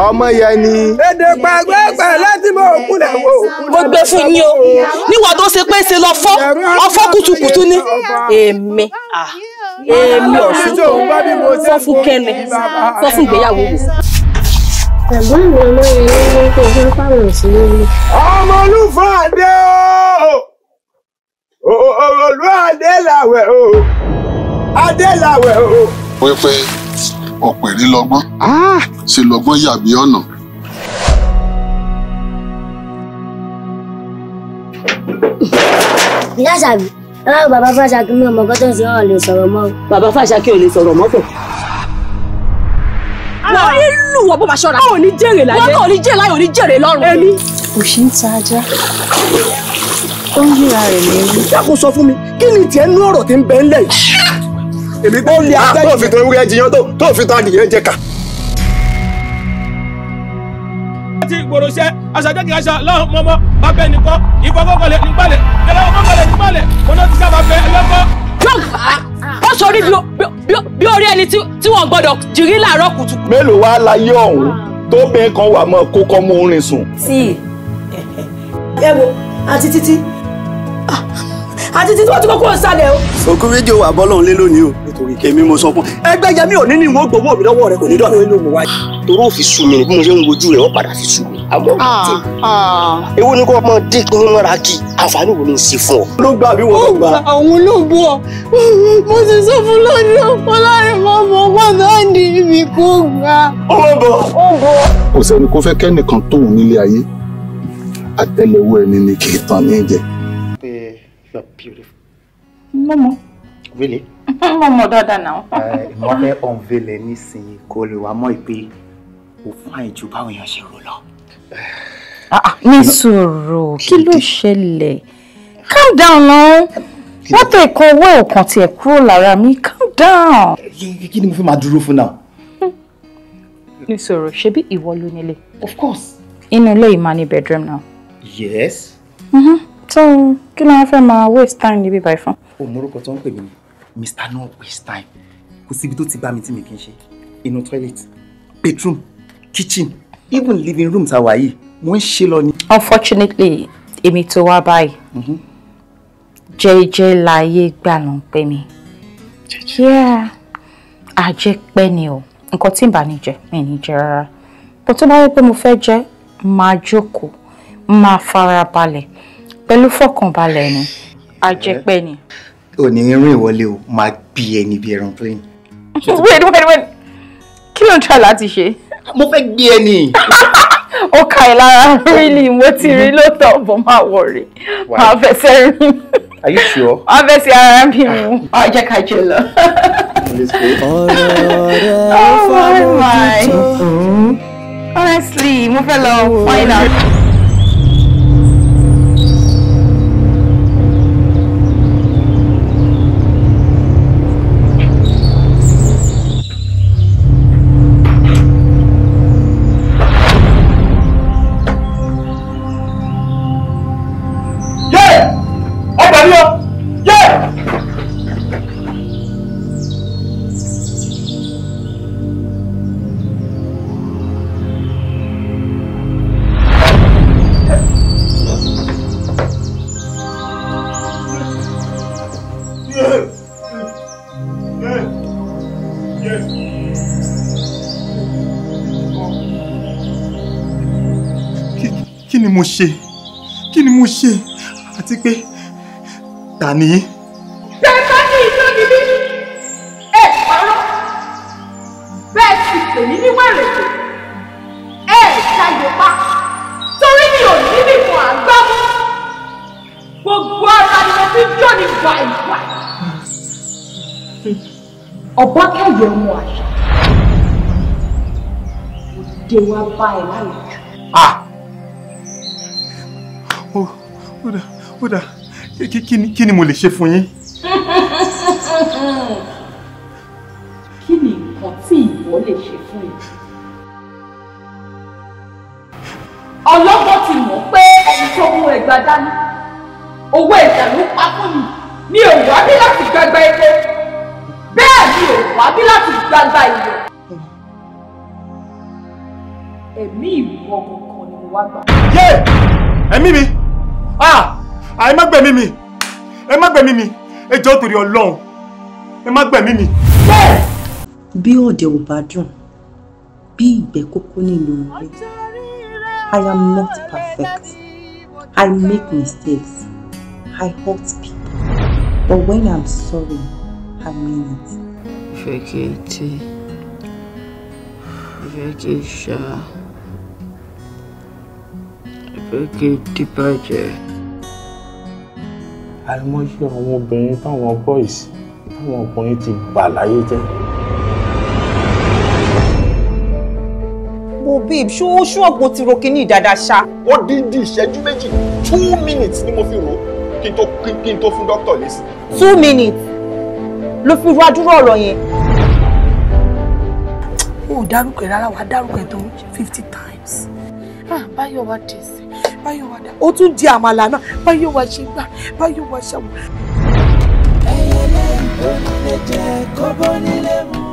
ọmọ yẹn ni. èdè pàgbẹ́ pẹ̀lẹ́ tí mo kú lẹ̀ wò. mo gbé fún yín o níwà tó ṣe pé ṣe lọ fọ́ ọfọ́ kùtùkùtù ni. èmi èmi ọ̀sùn sọ fún kẹ́mi sọ fún ìgbéyàwó wò. Ẹ̀gbọ́n mi ọmọ yẹn ló ń kó fún pàrọ̀ sí lórí. Ọmọ Olúfàdé o! Olú Adélàwẹ̀ o! Adélàwẹ̀ o! Wípé ọ̀pẹ̀rẹ̀ lọ́gbọ́n ah! ṣe lọ́gbọ́n yàbí ọ̀nà. ìyá sàbí ẹ bá bàbá fàṣàkí mi ò mọ kó tó ń lè sọ̀rọ̀ mọ́. bàbá fàṣàkí ò lè sọ̀rọ̀ mọ́ pọ̀. á lù wọ́n bó ma ṣọ́ra. wọ́n ò jèrè láyé. wọ́n kò ní jèrè láyé ò ní jèrè lọ́rùn. ẹni kò ṣe ń ta ajá ó ń yíra rẹ̀ lẹ́yìn. dákun sọ fún mi kí ni tiẹ̀ nú ọ̀rọ̀ tí ń bẹ ń lẹ̀ yìí èmi pé ah, tó fi tan ewúrẹ́ jiyàn tó tó fi tan adìyẹ jẹ ká. láti gbòòrò ṣe aṣàjẹ́kì aṣọ lọ́hùn mọ́mọ́ bàbá ẹnì kan ìfọkọ́kọ̀lẹ̀ nígbàlẹ̀ ẹlẹ́wọ̀n kọ́kọ̀lẹ̀ nígbàlẹ̀ kọ́nà ti sábà fẹ́ ẹlẹ́kọ́. ó sọrí bí orí ẹni tí wọ́n gbọ́dọ̀ jírí láàárọ̀ kùtùkù. mélòó wá láyé ọ̀hún tó bẹ́ẹ̀ kan wà mọ́ kó kọ́ mú orin sùn. tí ẹ wo àti títí àti títí wọ́n ti kókó ìsàlẹ̀ o. òkú rédíò wà bọ́ lọ́run lé lónìí o nítorí kèmí mo sọ fún ẹgbẹ́ yẹmí òní ni mo gbowó mi lọ́wọ́ rẹ kò ní dọ̀nà nínú wa. torí òfin sùn mi ni bí mo ṣe ń wojú rẹ ó padà fi sùn mi. àmọ́ ewu ah, ah. ni kò máa dé kí n mọ́ra kí àǹfààní wo ni n ṣe fún ọ. ló gbà bí wọn gbà. àwọn ló bú ọ mo ti sọ fún lọ́dún ọlọ́run mọ́ mọ́ pàtó ní ibi kó gbà. ó bọ̀ ó bọ̀. kò sẹ́ni kó fẹ́ kẹ́nìkan tóun nílé ayé àtẹ́lẹwọ́ ẹni ni kì í tàn ní jẹ. You're beautiful. Mama. Really? Mama, daughter, now. Ìmọ̀ fẹ́ unveil ẹ nísìnyí kó lè wá We find you, fáìn ju báwọn èèyàn ṣe rò lọ. Ah, ah, ní sùúrù, kí Calm down now. Wọ́n tẹ̀ kọ owó ọ̀kan tiẹ̀ kúrò lára mi. Calm down. Kí ni mo fi máa dúró now. náà? Ní sùúrù, ṣebí ìwọ ló Of course. In ilé ìmọ̀ ni bedroom now? Yes. Mm-hmm so kí ló wá fẹ́ máa waste time níbí báyìí fún. o morúkọ tó ń pè mí mr no waste time kò síbi tó ti bá mi tí mi kì í ṣe inú toilet bedroom kitchen even living room tá a wà yìí wọ́n ń ṣe lọ ni. unfortunately èmi tó wá báyìí mhm. jẹ́jẹ́ láyé gbà ló ń pè mí àjẹpẹ́ ni o nǹkan tí n bá ní jẹ mi ní jẹ rárá bó tó bá yẹ pé mo fẹ́ jẹ máa jókòó máa fara pẹ̀lú fọkànbalẹ̀ ni àjẹpẹ́ ni. ò ní rìn ìwọlé o máa bí ẹni bí ẹran plane. wait wait wait kí ló ń try láti ṣe. mo fẹ́ gbé ẹ ní. ó ka ẹ̀ lára rírì mo ti rí mhm. lóòótọ́ bọ́ máa wọ̀ rí máa fẹsẹ̀ rí. Are you sure? Wọ́n fẹ́ sí ara bí mu. Ọ jẹ́ ká jẹ lọ. Oh my. Honestly, mo fẹ́ lọ find out. ṣe kí ni mo ṣe àti pé ta ni. bẹ́ẹ̀ bá ní iná ni mí ẹ parọ́ bẹ́ẹ̀ sì pè mí ní wẹ̀rẹ̀kẹ̀ ẹ ṣàyè pa torí mi ò ní bí mo àgbá mú gbogbo ara ni mo fi jọ́ ní gbàìgbà. ọ̀bá kẹyọ̀ ọmọ àṣà òde ó dà ó dà kí ni mo lè ṣe fún yín. kí ni nǹkan tí ìwọ lè ṣe fún yín. ọlọ́gbọ́n ti mọ̀ pé ẹni tó mú ẹgbàá dání owó ẹ̀jẹ̀ ló pa fún mi mi ò wá bí láti gbàgbà epo bẹ́ẹ̀ mi ò wá bí láti gbàgbà ìwọ̀. ẹ̀mí ìwọ kankan ni mo wá gbà. ẹ̀mí mi. Ah! Ah, ẹ má gbẹ̀mí mi ẹ má gbẹ̀mí mi ẹ jọ̀ọ́ torí Ọlọ́run ẹ má gbẹ̀mí mi. bí òde ò bá dùn bí ìgbẹ́ kókó nílùú rẹ I am not perfect I make mistakes I hurt people but when I'm sorry I mean it. ìfẹ́ kìí tí ìfẹ́ kìí ṣáá kékeré bàjẹ́. àìmọye àwọn obìnrin táwọn boys táwọn ọkùnrin ti bà láyé jẹ́. wo babe ṣó ṣó ọ̀pọ̀ ti ro kíní dáadáa ṣá. ó dídí ìṣẹ́jú méjì two minutes ni mo fi rò kí n tó kí n tó fún dókítà lésì. two minutes ló fi ro adúrò ọ̀rọ̀ yẹn wọn ò dárúkọ ẹ rárá wàá dárúkọ ẹ tó fifty times. ah báyọ̀ wá dé sí báyọ̀ wà dá ó tún di àmàlà náà báyọ̀ wà ṣe gbà báyọ̀ wà ṣàwọ̀.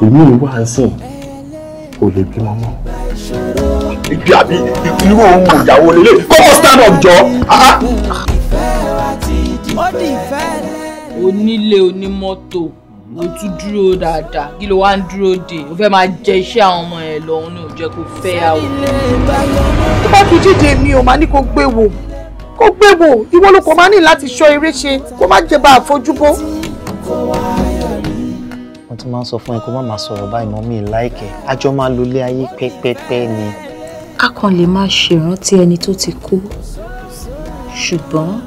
èmi ìwà ń sìn kò lè bímọ mọ́. ìgbé àbí irú òun ìyàwó lélẹ̀ kọ́kọ́ stand up jọ. Ah, ah. onílé onímọ́tò o tún dúró dáadáa kí ló wá ń dúró dè o fẹ́ máa jẹ iṣẹ́ àwọn ọmọ ẹ̀ lọ́hún ni ò jẹ́ kó fẹ́ àwọn. tó bá fi jíjẹ mi ò máa ní kó gbé wò kó gbé wò ìwọ ló kọ máa ní láti ṣọ́ eré ṣe kó má jẹ bá àfojúbó. mo ti máa ń sọ fún ẹ kó má máa sọ̀rọ̀ báyìí mọ́ mi láìkẹ́ àjọ máa lo ilé ayé pẹ́pẹ́pẹ́ ni. a kàn lè máa ṣèrántí ẹni tó ti kú ṣùgbọ́n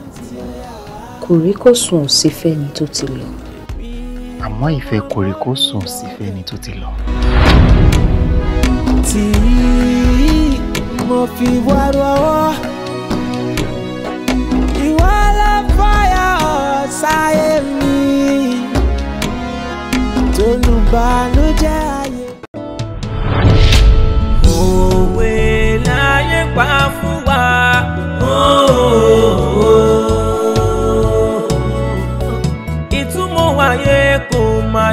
kò rí kò sùn sí fẹ́ni tó ti lọ àmọ́ ìfẹ́ kòríkó sùn sífẹ́ ni tó ti lọ. tí mo fi wá rọwọ́ ìwọ ló fọyà ọ̀sáyé mi tó lù bànújẹ́ ayé. òwe láyé pa fún wa. Oh, oh, oh.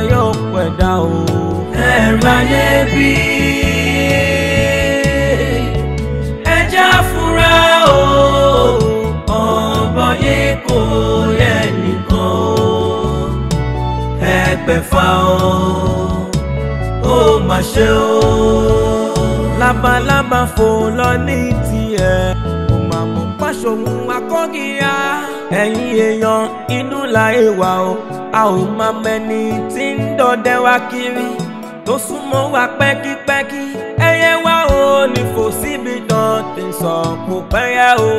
yóò pẹ̀dá o. ẹ̀rù ayé bí ẹja fura o ọ̀bọ̀ yé kò yẹ nìkan o ẹgbẹ̀fà o ó mà ṣe o. labalábá fò lọ ní tiẹ̀ kò mà mọ̀ pàṣẹ òun akọ́gíyà ẹ̀yin èèyàn inú la èèwà o a ò máa mẹni tí ń dọdẹ wa kiri tó súnmọ́ wa pẹ́kípẹ́kí ẹyẹ wa ò ní fò síbi tán tí sọ kò pẹ́yẹ o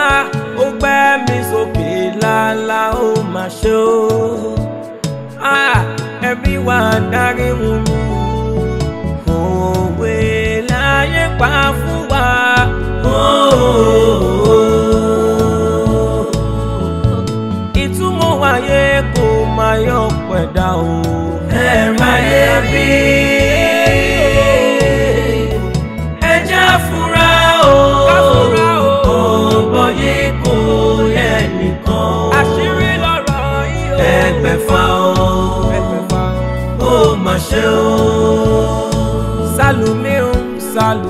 ah, ó gbẹ́ mi sókè lálá ó mà ṣe o ah, ẹbí wa darí wù mí òwe láyé pa fún wa. Oh, oh, oh. ayé kò máa yọ pẹ̀dá o. ẹ̀rín ayé bí ẹja fura o òbọ̀yé kò yẹ nìkan o. àṣírí lọ́rọ̀ yìí o. ẹgbẹ̀fà o ó mà ṣe o. sálùmí ń sálù.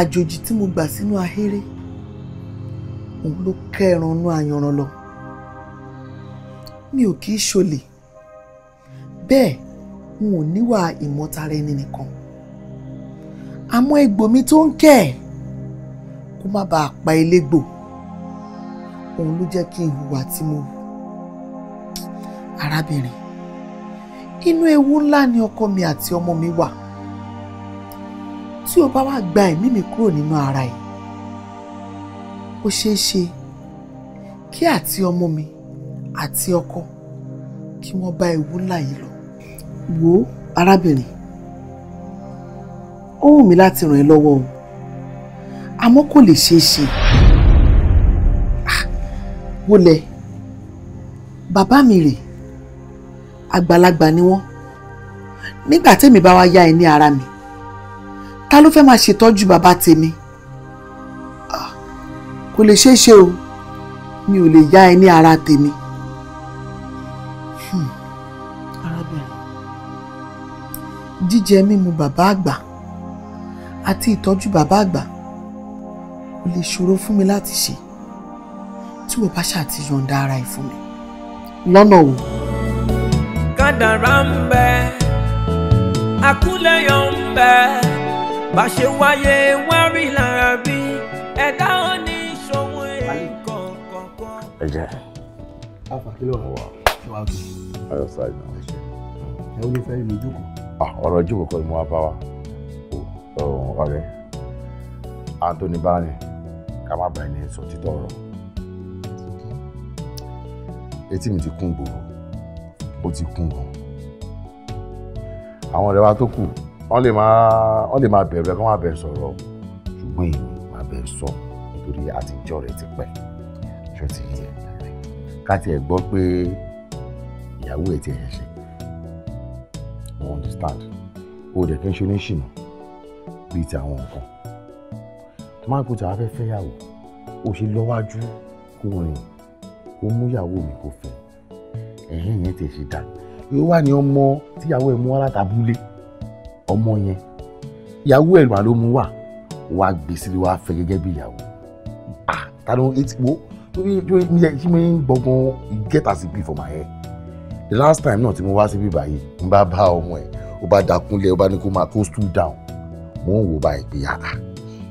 àjòjì tí mo gbà sínú ahéré òun ló kẹranú ayanran lọ mi ò kì í ṣolè bẹ́ẹ̀ n ò níwà ìmọ̀tara ẹni nìkan àmọ́ egbò mi tó ń kẹ́ kó má bàa pa elégbò òun ló jẹ́ kí n hùwà tí mo arábìnrin inú ewu ńlá ni ọkọ mi àti ọmọ mi wà tí o bá wá gba ẹ̀mí mi kúrò nínú ara ẹ̀ ó ṣeé ṣe kí àti ọmọ mi àti ọkọ kí wọ́n bá ewu ńlá yìí lọ. wo arábìnrin ó wù mí láti ràn ẹ́ lọ́wọ́ o àmọ́ kò lè ṣeé ṣe ah, wọlé bàbá mi rè àgbàlagbà ni wọ́n nígbà tẹ́mi bá wá yá ẹ ní ara mi ta ló fẹ́ máa ṣètọ́jú bàbá tèmi kò lè ṣeé ṣe o mi ò lè yá ẹ ní ara tèmi. Hmm. arábìnrin jíjẹ mímu bàbá àgbà àti ìtọ́jú bàbá àgbà kò lè ṣòro fún mi láti ṣe tí wọ́n bá ṣàtìyọ̀ǹda ara ẹ̀ fún mi lọ́nà o. kádàrá ń bẹ àkúlẹ̀yọ̀ ń bẹ bá ṣe wáyé wá rí lára bí ẹ̀dá ò ní ṣòwò nǹkan kankan. ẹ jẹ. afa kí ló wà wá bí. ayọ sáájú. ẹ ó lè fẹ́ ìlú jókòó. Ah, ọ̀rọ̀ jókòó kọ́ ni mo wá bá wa ọ̀rẹ́ Anthony bani ká má bàa ẹni sọ títọ́ ọ̀rọ̀ etí mi ti kún gbòòrò ó ti kún gan àwọn ọ̀rẹ́ wa tó kù wọ́n lè máa wọ́n lè máa bẹ̀rù ẹ̀ kọ́ máa bẹ̀rù sọ̀rọ̀ ṣùgbọ́n èmi máa bẹ̀rù sọ nítorí àtijọ́ rẹ̀ ti pẹ́ ṣó ti yẹ ká tiẹ̀ gbọ́ pé ìyàwó ẹ̀ ti ẹ̀ ṣe mo understand o dẹ̀ kí n ṣe ní ṣìnà bíi ti àwọn nǹkan tó máa ń kó tàwa fẹ́ fẹ́yàwó o ṣe lọ́wájú kó rìn kó mú ìyàwó mi kó fẹ́ ẹ̀yìn yẹn ti ṣe dá yóò wà ní ọmọ tíyàwó ẹ̀ mú wá látàbúlé ọmọ yẹn ìyàwó ẹ̀ mà ló mú wá wá gbé sílé wá fẹ́ gẹ́gẹ́ bí ìyàwó ah tani etí wo mi yẹ kí mi ń gbọgbọn get as it be for my hair the last time náà tí mo wá síbí báyìí n bá bá ọmọ ẹ̀ ó bá dákúnlẹ̀ ó bá ní kó máa kó stool down mò ń wò báyìí pé ah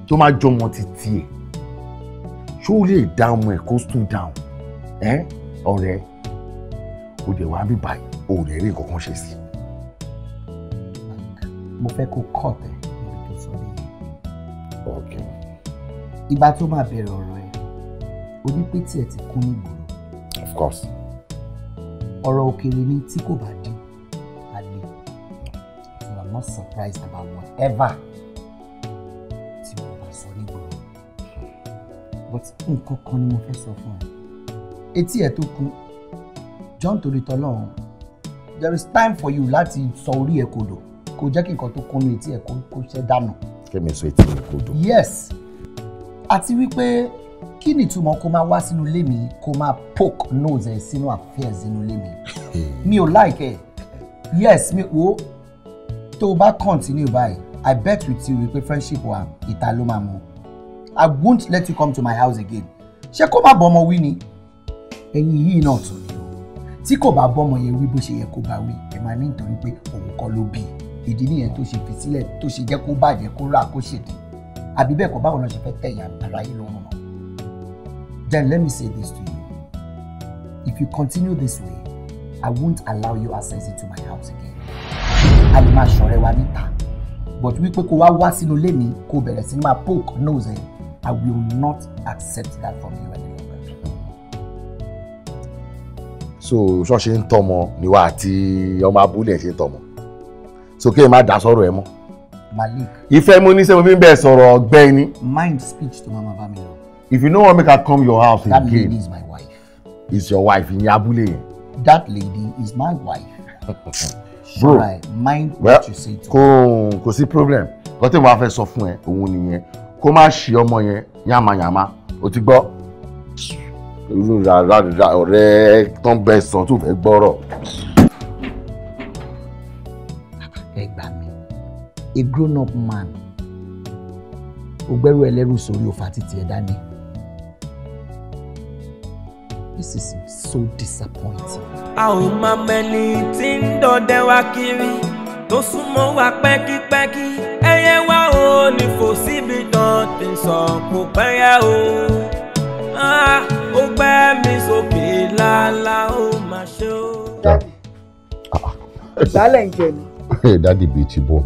tó máa jọ ọmọ títí ẹ̀ ṣó lè dá ọmọ ẹ̀ kó stool down ẹ̀ ọ̀rẹ́ ó dẹ̀ wá bí báyìí ó rẹ̀ rí nǹkan ṣe sí i mo fẹ́ kó cut ẹ níbi tó sọ nìyẹn. ìgbà tó máa bẹ̀rẹ̀ ọ̀rọ̀ ẹ o ní pé ti kún nígboro. of course. ọ̀rọ̀ òkèèrè ni tí kò bá dín a lè so i'm not surprised about whatever tí mo bá sọ nígboro but nǹkan kan ni mo fẹ́ sọ fún ẹ etí ẹ tó kún John torí tọ́lọ́run there is time for you láti sọ orí ẹ kodò kò jẹ́ kí nǹkan tó kún etí ẹ̀ kó ṣe dànù. kẹ́mi sọ etí mi kò dùn. yes àti wípé kí ni ìtumọ̀ kó máa wá sínú ilé mi kó máa poke nose ẹ̀ sínú affairs inú ilé mi mi ò like ẹ̀ yes mi ò tó o bá continue báyìí i bet with you wípé friendship wa ìta ló máa mú i won't let you come to my house again ṣé kó má bọ ọmọ wí ni ẹ̀yin yìí náà tún ni o tí kò bá bọ ọmọ yẹn wí bó ṣe yẹ kó bá wí ẹ máa ní nítorí pé òun kọ́ ló bí ìdí nìyẹn tó ṣe fi sílẹ̀ tó ṣe jẹ́ kó bàjẹ́ kó rà kó ṣètò àbí bẹ́ẹ̀ kọ́ báwo lọ ṣe fẹ́ tẹ̀yà ara yìí lọ́rùn náà. Then let me say this to you. If you continue this way, I won't allow you access into my house again. A lè máa ṣọ̀rẹ́ wa níta. But wípé kó wá wá sínú ilé mi kó bẹ̀rẹ̀ sí máa poke nose ẹ̀. I will not accept that from you anymore. so ṣọ́ọ̀ṣì ń tọmọ níwá àti ọmọ abúlé ṣe ń tọmọ sókè má dá sọ̀rọ̀ ẹ mọ́. malik. ìfẹ́ mo ní sẹ́wọ́n fi ń bẹ̀ sọ̀rọ̀ ọ̀gbẹ́ni. mind speech to mama bami now. if you no wan make i come your house that again. that lady is my wife. is your wife ìyẹn abúlé yẹn. that lady is my wife. bro I mind what well, you say to kò kò sí problem kọ́tẹ́ mo wá fẹ́ sọ fún ẹ òun nìyẹn kó má ṣe ọmọ yẹn yàmàyàmà o ti gbọ́ ọ̀rẹ́ tán bẹ sàn tó fẹ́ gbọ́rọ̀. a grown up man o gbẹ́rù ẹlẹ́rù sórí òfà títí ẹ̀ dání. This is so disappointing. a ò máa mẹ́ni tí ń dọdẹ wa kiri tó súnmọ́ wa pẹ́kípẹ́kí ẹyẹ wa ò ní fò síbi tán tí sọ kò pẹ́yẹ o ah, ó gbẹ́ mi sókè lálá ó máa ṣe o. dálẹ̀ ń jẹ ni. dádì bíi ti bọ́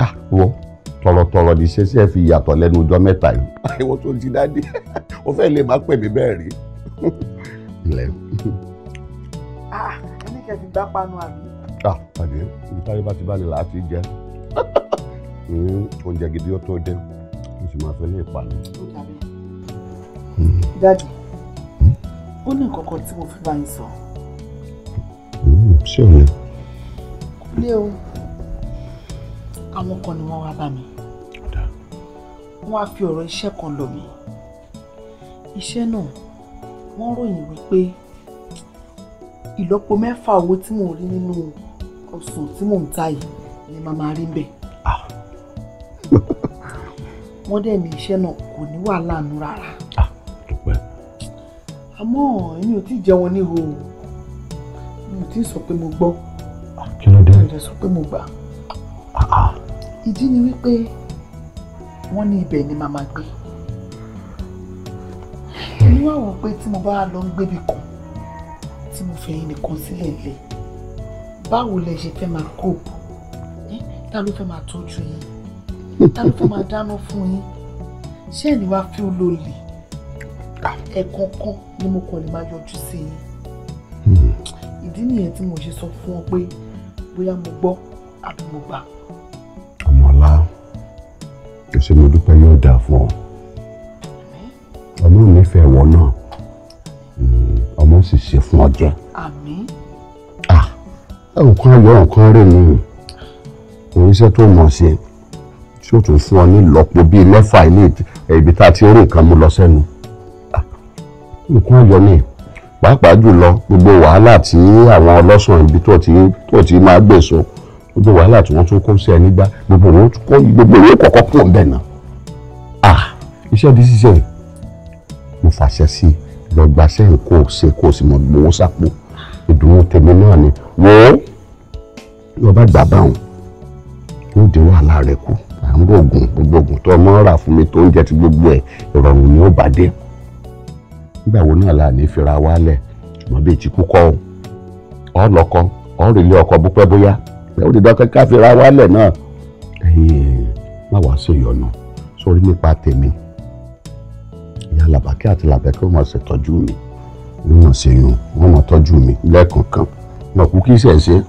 ah wo tọ̀rọ̀tọ̀rọ̀ ní ṣẹṣẹ fi yàtọ̀ lẹ́nu ọjọ́ mẹ́ta yìí. àìwọ ah, tó ti dáadé o fẹ́ lè má pè mí bẹ́ẹ̀ rí. ilẹ̀. ah ẹni kẹ́ ti gbá panu àbí. ah pàdé ibi táyé bá ti bá ní làá ti jẹ hmm, oúnjẹ gidi ó tó dé mo sì máa fẹ́ lè panu. dadi hmm. ó ní nǹkan kan tí mo fi bá yín sọ. Hmm, ṣé o ní. kúlẹ̀ o àwọn kan ni wọ́n wá bá mi wọ́n wá fi ọ̀rọ̀ iṣẹ́ kan lọ̀ mí iṣẹ́ náà wọ́n ròyìn wípé ìlọ́po mẹ́fà owó tí mò ń rí nínú ọ̀sùn tí mò ń ta yìí ni màá máa rí ń bẹ̀. Ah. wọ́n dẹ̀ ní iṣẹ́ náà kò ní wàhálà nù rárá. Ah, àmọ́ èmi ò tí ì jẹun ní ihò mi ò tí ì sọ pé mo gbọ́ ah, mi ò dẹ̀ sọ pé mo gbà ìdí ni wípé wọ́n ní ibẹ̀ ni màmá gbé èmi wá wò pé tí mo bá lọ ń gbébi kan tí mo fẹ̀yìn nìkan sílẹ̀ lẹ̀ báwo lẹ ṣe fẹ́ máa kóòpù ta ló fẹ́ máa tọ́jú yín ta ló fẹ́ máa dáná fún yín ṣé ẹni wá fi ó lòlì ẹ̀ẹ̀kọ̀ọ̀kan ni mo kàn lè máa yọjú sí yín hmm. ìdí nìyẹn tí mo ṣe sọ fún ọ pé bóyá mo gbọ́ àbí mo gbà ṣe mo dúpẹ́ yóò dáa fún ọ ọmọ mi fẹ́ wọ náà hmm, ọmọ sì ṣe fún ọ jẹ. àmín. ah nǹkan ayọ̀ nǹkan rẹ̀ ni òun iṣẹ́ tó mọ̀ sí tí ó tún fún ọ ní ìlọ́po bíi mẹ́fà ilé ibi tá a ti rí nǹkan mú lọ sẹ́nu nǹkan ah, ayọ̀ ni pàápàá jùlọ gbogbo wàhálà tí àwọn ọlọ́sàn ibi tó ti máa gbèsò gbogbo wàhálà tí wọ́n tún kó sí ẹ nígbà gbogbo owó kọ́ gbogbo owó kọ̀ọ̀kan pọ̀ ń bẹ̀ náà ah iṣẹ́ di ṣíṣe mo fàṣẹ sí i lọ gbaṣẹ́ kó o ṣe kó o sì mọ gbowó sápò ìdùnnú tèmi náà ni wò ó lọ bá gbà báwọn yóò dín wàhálà rẹ kù à ń gbóògùn gbogbo ògùn tó ọmọ rà fún mi tó ń jẹ ti gbogbo ẹ ìrọ̀rùn ni ó bá dé nígbà wo náà la ní fira wálẹ̀ ṣùgbọ́n bí ìtìkú kọ́ ọ lọ́kọ ọ rèlé ọkọ bópẹ́ bóyá pẹ́ ó di dọ́kẹ́ káfíra wálẹ̀ náà ẹ̀yin má wàá sọ ìyọnu sórí nípa tèmi ìyá làbàkẹ́ àti làbẹ́kẹ́ ó máa ṣètọ́jú mi wọ́n máa ṣèyún wọ́n máa tọ́jú mi lẹ́ẹ̀kọ̀ọ̀kan wọn kú kí ṣẹ̀ṣẹ̀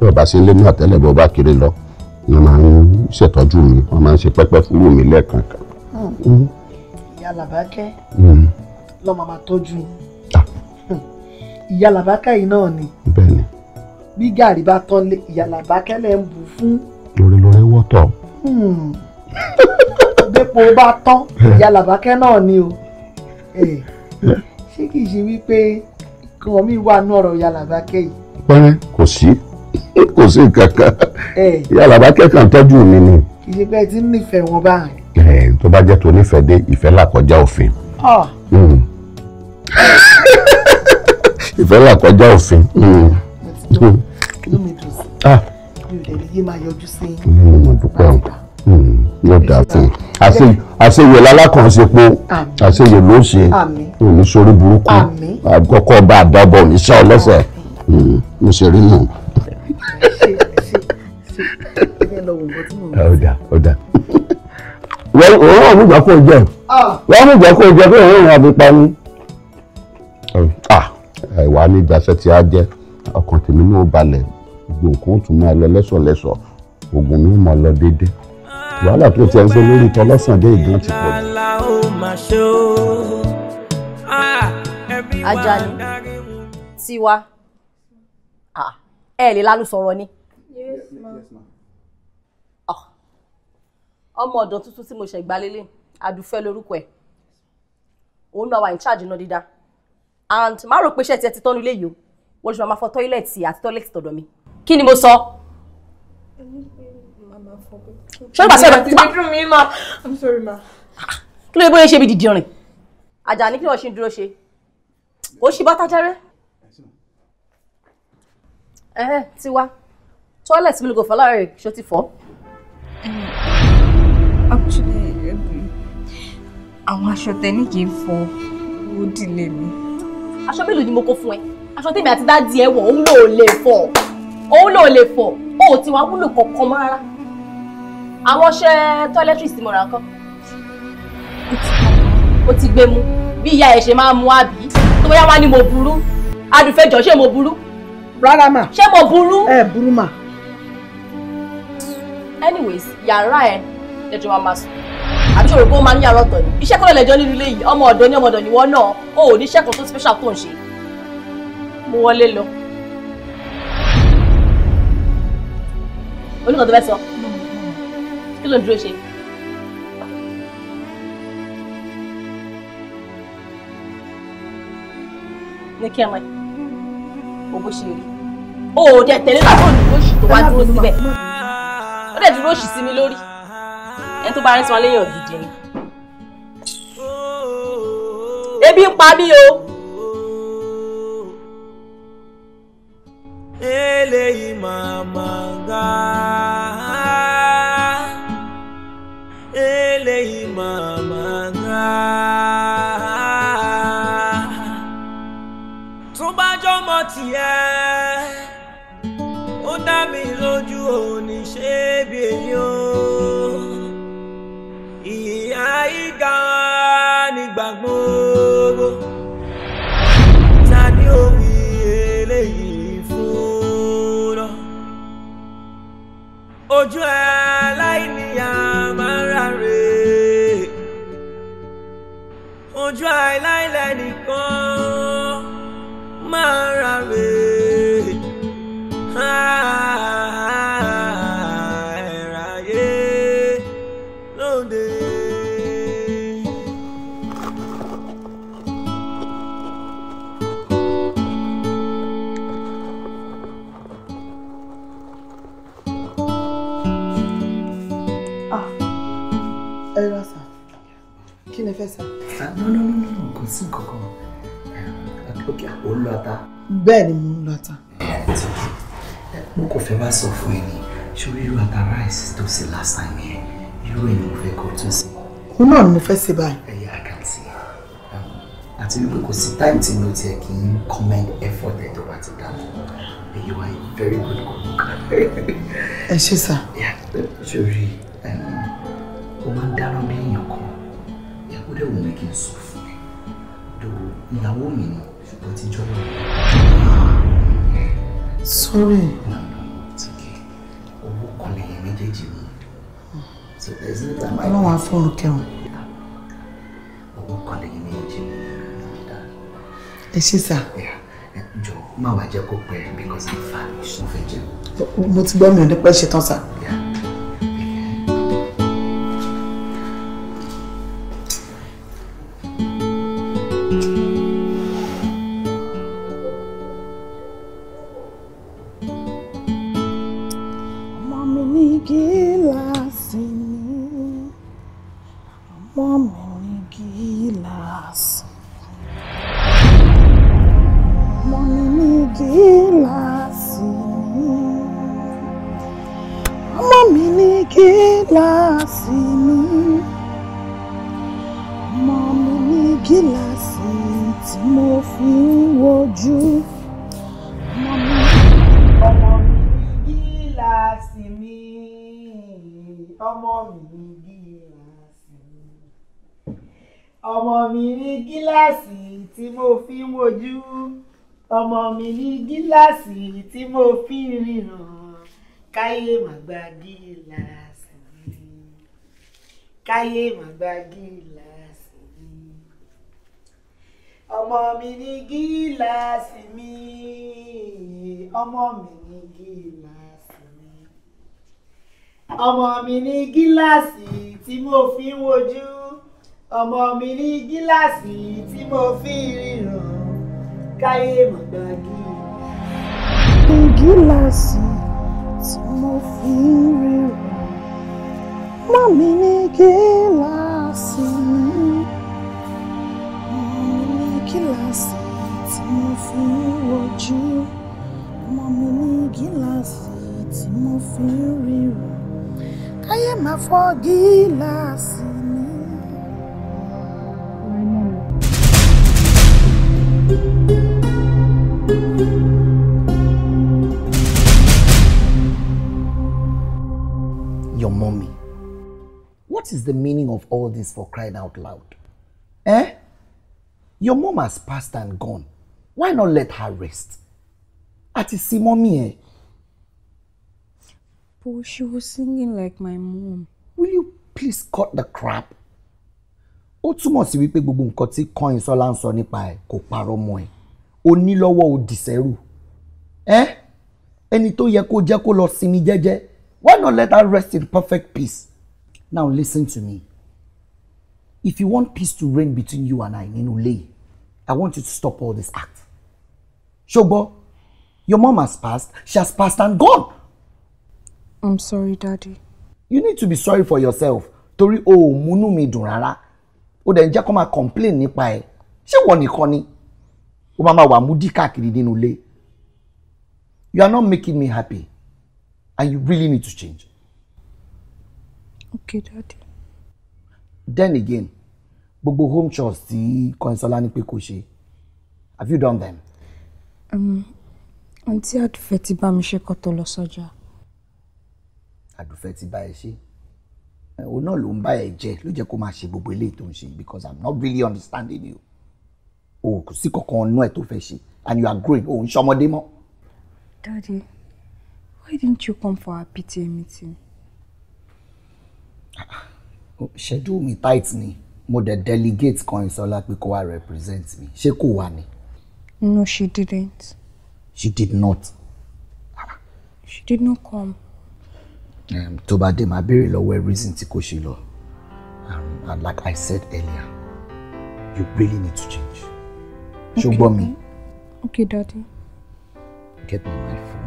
bí ọba ṣe ń lé náà tẹ́lẹ̀ bí ọba kiri lọ wọn máa ń ṣètọ́jú mi wọn máa ń ṣe pẹ́pẹ́ fún mi lẹ́ẹ̀kọ̀ọ̀kan. Hmm. ìyá làbàkẹ́ hmm. lọ́mọ máa tọ́jú ah. hmm. ìyá làbàkẹ́ yìí náà ni. bẹ́ẹ̀ ni bí gàrí bá tán lé ìyàlàbá kẹ́lẹ̀ ń bu fún. lórí lórí wọ́tọ̀. Hmm. bépo bá tán eh. ìyàlàbá kẹ́ náà ni o eh. ṣé kì í ṣe wípé nǹkan mi wà nú ọ̀rọ̀ ìyàlàbá kẹ́ yìí. pẹ́rẹ́ kò sí kò sí nǹkan kan eh. ìyàlàbá kẹ́kàn tọ́jú mi ni. kì í ṣe pé ẹ ti ń nífẹ̀ẹ́ wọn báyìí. tó bá jẹ́ tó nífẹ̀ẹ́ dé ìfẹ́ là kọjá òfin. Ah. Hmm. ìfẹ́ là òfin. Hmm inú mi dùn sí ah. mi ò dẹ̀ lè yé máa yọjú sí hmm, hmm, yóò dáa fún un àṣeyẹ lálákànṣepo àṣeyẹ ló ṣe òní hmm, sórí burúkú àkọ́kọ́ bá àdábọ̀ ní sọ lọ́sẹ̀ mo ṣe rí nù. ọ̀dà ọ̀dà wọ́n wọ́n mú ìgbà kó jẹ ah. wọ́n mú ìgbà kó jẹ pé òun ìrìn àbí pa ni. ẹ̀wà ah. ní ìgbàsẹ̀ tí a jẹ́ ọkàn tèmi ní ó balẹ̀ gbogbo nǹkan ó tún máa lọ lẹ́sọ̀lẹ́sọ̀ oògùn mi máa lọ déédé wàhálà tó ti ẹ̀ ń gbé lórí tọ́ lọ́sàndé ìgbọ́n ti pọ̀ jù. Àjàní tiwa ẹ lè lálù sọ̀rọ̀ ni ọmọ ọ̀dọ́ tuntun tí mo ṣẹ̀ gbalélé Adúfẹ́ lórúkọ ẹ̀ òun náà wà in charge iná dídá and má rò pé iṣẹ́ tiẹ̀ ti tọ́nu ilé yìí o wọ́n lè ṣe máa fọ tọ́ílẹ̀tì àti tọ́ílẹ̀tì tọ̀dọ̀ mi kí ni mo sọ. sọ́dọ̀ bá sọ̀rọ̀ bá. I'm sorry ma. kí ló dé bóyá ṣe bí dìdìrin. Àjàní kí wọ́n ṣe ń dúró ṣe ó ṣì bọ́tà jẹ́rẹ́ ẹ̀hẹ́ ti wá toilet mi ló gò fọ́ láàárẹ̀ ṣó ti fọ́. Um, actually àwọn aṣọ tẹni kì í fọ ó dìlé mi. aṣọ mélòó ni mo kó fún ẹ aṣọ tèmi àti dáàdi ẹ wọ̀ ó ń lò ó lè fọ òun náà lè fọ̀ ó ti wá wúlò kankan mọ́ rárá àwọn ọṣẹ toiletries tí mo rà kọ́ ti gbé mu bí ìyá ẹ̀ ṣe máa mu àbí tó bóyá wá ní mo burú adùnfẹ́jọ́ ṣé mo burú. rárá mà ṣé mo burú. ẹ burú mà. anyways yàrá ẹ lẹjọ máa máa sùn àbí ṣòro kó máa ní yàrá ọ̀tọ̀ ni iṣẹ́ kọ́lẹ̀ lẹjọ́ nínú ilé yìí ọmọ ọ̀dọ́ ní ọmọ ọ̀dọ́ níwọ náà o ò ní iṣẹ́ kan tó special tó ń mo wọlé lọ. oníkan tó fẹ́ sọ kí ló ń dúró ṣe. ní kí ẹ mọ o bó ṣe rí o ò dẹ tẹ̀lé náà tó dúró ṣì tó wá dúró síbẹ̀ ó dẹ̀ dúró ṣì sí mi lórí ẹni tó bá rẹ́ sọ lẹ́yìn ògìdì ni ebi ń pa mí o. eléyìí màmá ga eléyìí màmá ga. tó bá jọmọ tiẹ̀ ó dá mi lójú òní ṣé bí èyí ó. ojú ẹ láìníyàn máa ń ráre ojú àìláìlẹ̀ nìkan máa ń ah. fẹ́ sà. Ah, no no no no kò sí nǹkan eh, ok ò ń lọ ata. bẹ́ẹ̀ ni mo ń lọ ata. Eh, mo kò fẹ́ wá sọ fún ẹ ní ṣórí irú ata rice tó ṣe last time yẹn irú ẹ̀ ni mo fẹ́ kó tún sí. òun náà ni mo fẹ́ ṣe báyìí. ẹyà eh, àkàtì um, àti wípé kò sí time tí mo tiẹ̀ kì í commend effort ẹ̀ tó bá ti dà mọ́ you are a very good cook. ẹ ṣe sà. ṣòrí ó máa ń dáná bí èèyàn kan dẹ̀ wù mí kí n sọ fún ẹ dòwò ìyàwó mi ni ṣùgbọ́n ti jọ́ lọ. sorry. no no no okay owó kan lẹ́yìn méjèèjì mi so there's no time. ọlọ́run á fọ́ọ̀rù kẹrùn. owó kan lẹ́yìn méjèèjì mi. ẹ ṣe sá. jọ má wàá jẹ́ kó pẹ́ because i'm famished. mo ti gbọ́ mi ò ní pẹ́ ṣetán sá. Yeah. gíláàsì tí mo fi ń wojú ọmọ mi ní gíláàsì tí mo fi ń ríran káyé màgbà gíláàsì mi káyé màgbà gíláàsì mi ọmọ mi ní gíláàsì mi ọmọ mi ní gíláàsì mi ọmọ mi ní gíláàsì tí mo fi ń wojú ọmọ mi ní gíláàsì tí mo fi ríran káyé mọ̀gbàgì. ní gíláàsì tí mo fi ríran mọ́ mi ní gíláàsì mọ́ mi ní gíláàsì tí mo fi wojú mọ́ mi ní gíláàsì tí mo fi ríran káyé má fọ́ gíláàsì. What is the meaning of all this for crying out loud? Eh? Your mom has passed and gone. Why not let her rest? Àti sí mommy eh? But she was singing like my mom. Will you please cut the crap? Ó túmọ̀ sí wípé gbogbo nǹkan tí Kọ́yìn Sọ́lá ń sọ nípa ẹ̀ kò parọ́ mọ́ ẹ̀. Onílọ́wọ́ òdìsẹ́rù. Ẹ́ eh? ẹni tó yẹ kó jẹ́ kó lo simi jẹ́jẹ́. Why not let her rest in perfect peace? Now listen to me. If you want peace to reign between you and I nínú I want you to stop all this act. Shogbo, your mom has passed, she has passed and gone. I'm sorry, Daddy. You need to be sorry for yourself Tori, o Munu múnú mi dùn O dẹ̀ ń jẹ́ complain nipa ẹ̀. Ṣé wọ́n nìkan ni? O máa wa mudika múdí káàkiri nínú You are not making me happy and you really need to change okay daddy. then again gbogbo home chores tí Kọ́nsọ́lá ní pé kò ṣe have you done them. Um, àǹtí àdùfẹ́ ti bá mi ṣe kó tó lọ sọ́jà. àdùfẹ́ ti bá ẹ ṣe òun náà ló ń bá ẹ jẹ ló jẹ kó máa ṣe gbogbo eléyìí tó ń ṣe because i'm not really understanding you o kò sí kankan ọ̀nà ẹ̀ tó fẹ́ ṣe and you are growing o ń ṣọmọdé mọ́. daddy why didn't you come for our PTA meeting schedule mi tight ni mo dẹ̀ delegate kan ìsọlá pé kó wá represent mi ṣé kò wá ni. no she didn't. she did not. she did not come. Um, tó bá dé máa béèrè lọ́wọ́ ẹ reason tí kò ṣe lọ um, and like I said earlier you really need to change. ṣùgbọ́n mi. okay daddy. get me my phone.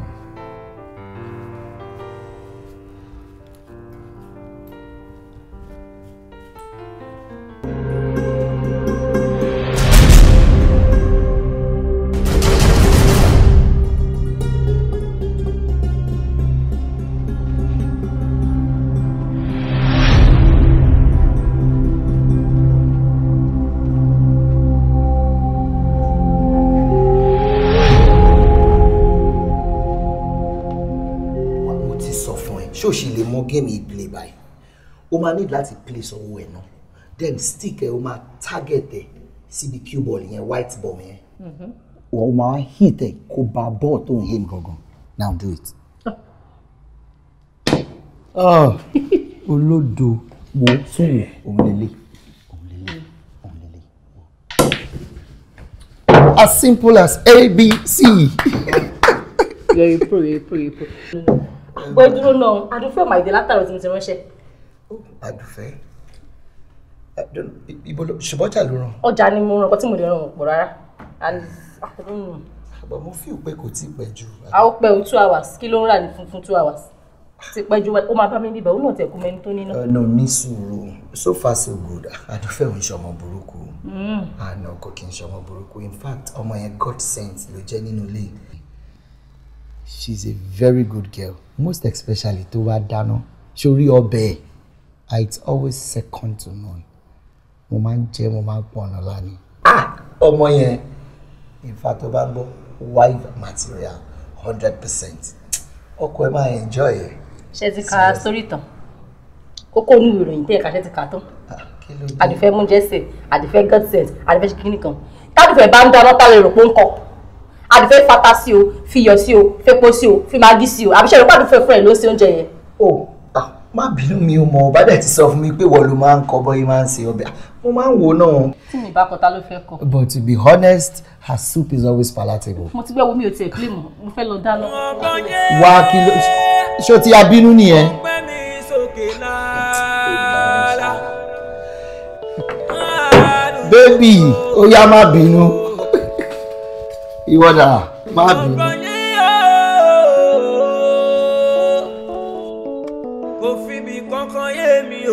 máa need láti place owó ẹ̀ náà then stick ẹ̀ o máa target ẹ̀ síbi cue ball yẹn white ball yẹn wọ́n máa hit ẹ̀ kó ba ball tó ń hit gangan now do it. Ah. Ah. olódo wo tún wò òun lélẹ̀ òun lélẹ̀ òun lélẹ̀. as simple as A B abc. yẹ ipò yẹ ipò yẹ ipò. gbẹ́dúró náà adúfẹ́ màìdè látàrí tí mo ti ránṣẹ́ àdùfẹ́ ibo ló ṣùbọ́jà ló ràn. ọjà ni mo ràn kọ́ tí mo lè ràn pọ̀ rárá àbọ̀ mo fi òpè kò tí ì pẹ́ jù. a ó pẹ́ o two hours kí ló ń rà ní funfun two hours ti pẹ́ ju ó máa bá mi níbẹ̀ ó náà tẹ̀kú mẹ́ni tó níná. ọ̀nà uh, ní sùúrù so far so good àdúfẹ́ òun ṣe ọmọ burúkú àná ọkọ kì í ṣe ọmọ burúkú in fact ọmọ yẹn god sent ló jẹ́ nínú ilé. she is a very good girl most especially tó wá dáná sórí ọbẹ̀ ẹ̀ Ah, it's always second to none mo máa ń jẹ mo máa ń pọn ọ̀nà lánìí. ah ọmọ yẹn ìfà tó bá ń gbọ́ wife material hundred percent ọkọ ẹ máa enjoy ẹ. ṣé ti ka sórí tán kókó onú ìròyìn tẹ́ ah, ẹ̀ka ṣe ti kà tán àdìfẹ́ múnjẹ́sẹ̀ àdìfẹ́ godsend àdìfẹ́ kíní kan tádùfẹ́ bá ń dáná tá lè rò pé ń kọ́ àdìfẹ́ fata sí o fiyọ̀ sí o fepo sí o fimagi sí o àbíṣẹ́ rẹ̀ pàdùfẹ́ fún ẹ̀ ló ṣe oúnjẹ yẹn. Oh, má bínú mi ò mọ̀ ọ̀bá dẹ̀ ti sọ fún mi pé wọ́n ló máa ń kọ́ bọ́yé máa ń se ọbẹ̀ mo máa ń wo náà. tí mi bá kọta ló fẹ́ kọ. but to be honest her soup is always palatable. mo ti gbẹ́ wo mi ò tiẹ̀ claim mo fẹ́ lọ dáná. wá kí ló ṣó ti abínú nìyẹn. bébì ó má bínú ìwọ́dà má bínú.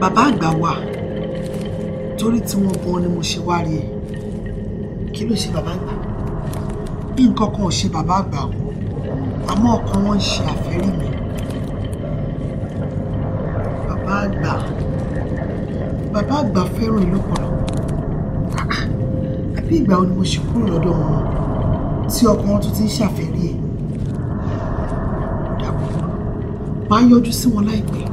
bàbá àgbà wà torí tí wọ́n gan ni mo ṣe wá rí ẹ kí ló ṣe bàbá àgbà nǹkan kan ò ṣe bàbá àgbà o àmọ́ ọkàn wọn ń ṣe àfẹ́rí mi bàbá àgbà bàbá àgbà fẹ́ràn ìlú pọ̀ àbí ìgbà wo ni mo ṣe kúrò lọ́dọ̀ wọn tí ọkàn wọn tún ti ń ṣàfẹ́rí ẹ̀ dàbọ̀ máa yọjú sí wọn láìpẹ́.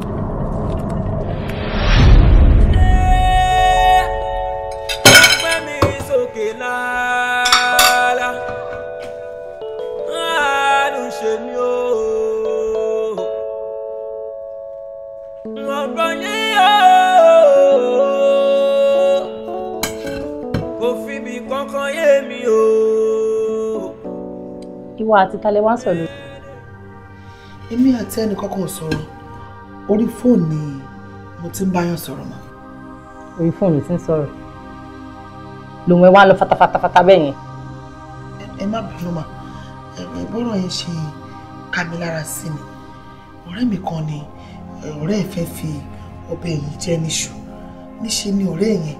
ìwọ àti talẹ wá sọ̀rọ̀. èmi àti ẹnì kankan sọ̀rọ̀ orí fóònù ni mo ti ń bá yàn sọ̀rọ̀ mọ́. orí fóònù ti ń sọ̀rọ̀ lòun ẹ wá lọ fatafatafata bẹ́ẹ̀ yẹn. ẹ má bínú mà ìgbọ́rọ̀ yẹn ṣe ká mi lára sí ni ọ̀rẹ́ mi kan ni ọ̀rẹ́ ẹ̀ fẹ́ fi ọbẹ̀ yìí jẹ́ níṣu níṣe ni ọ̀rẹ́ yẹn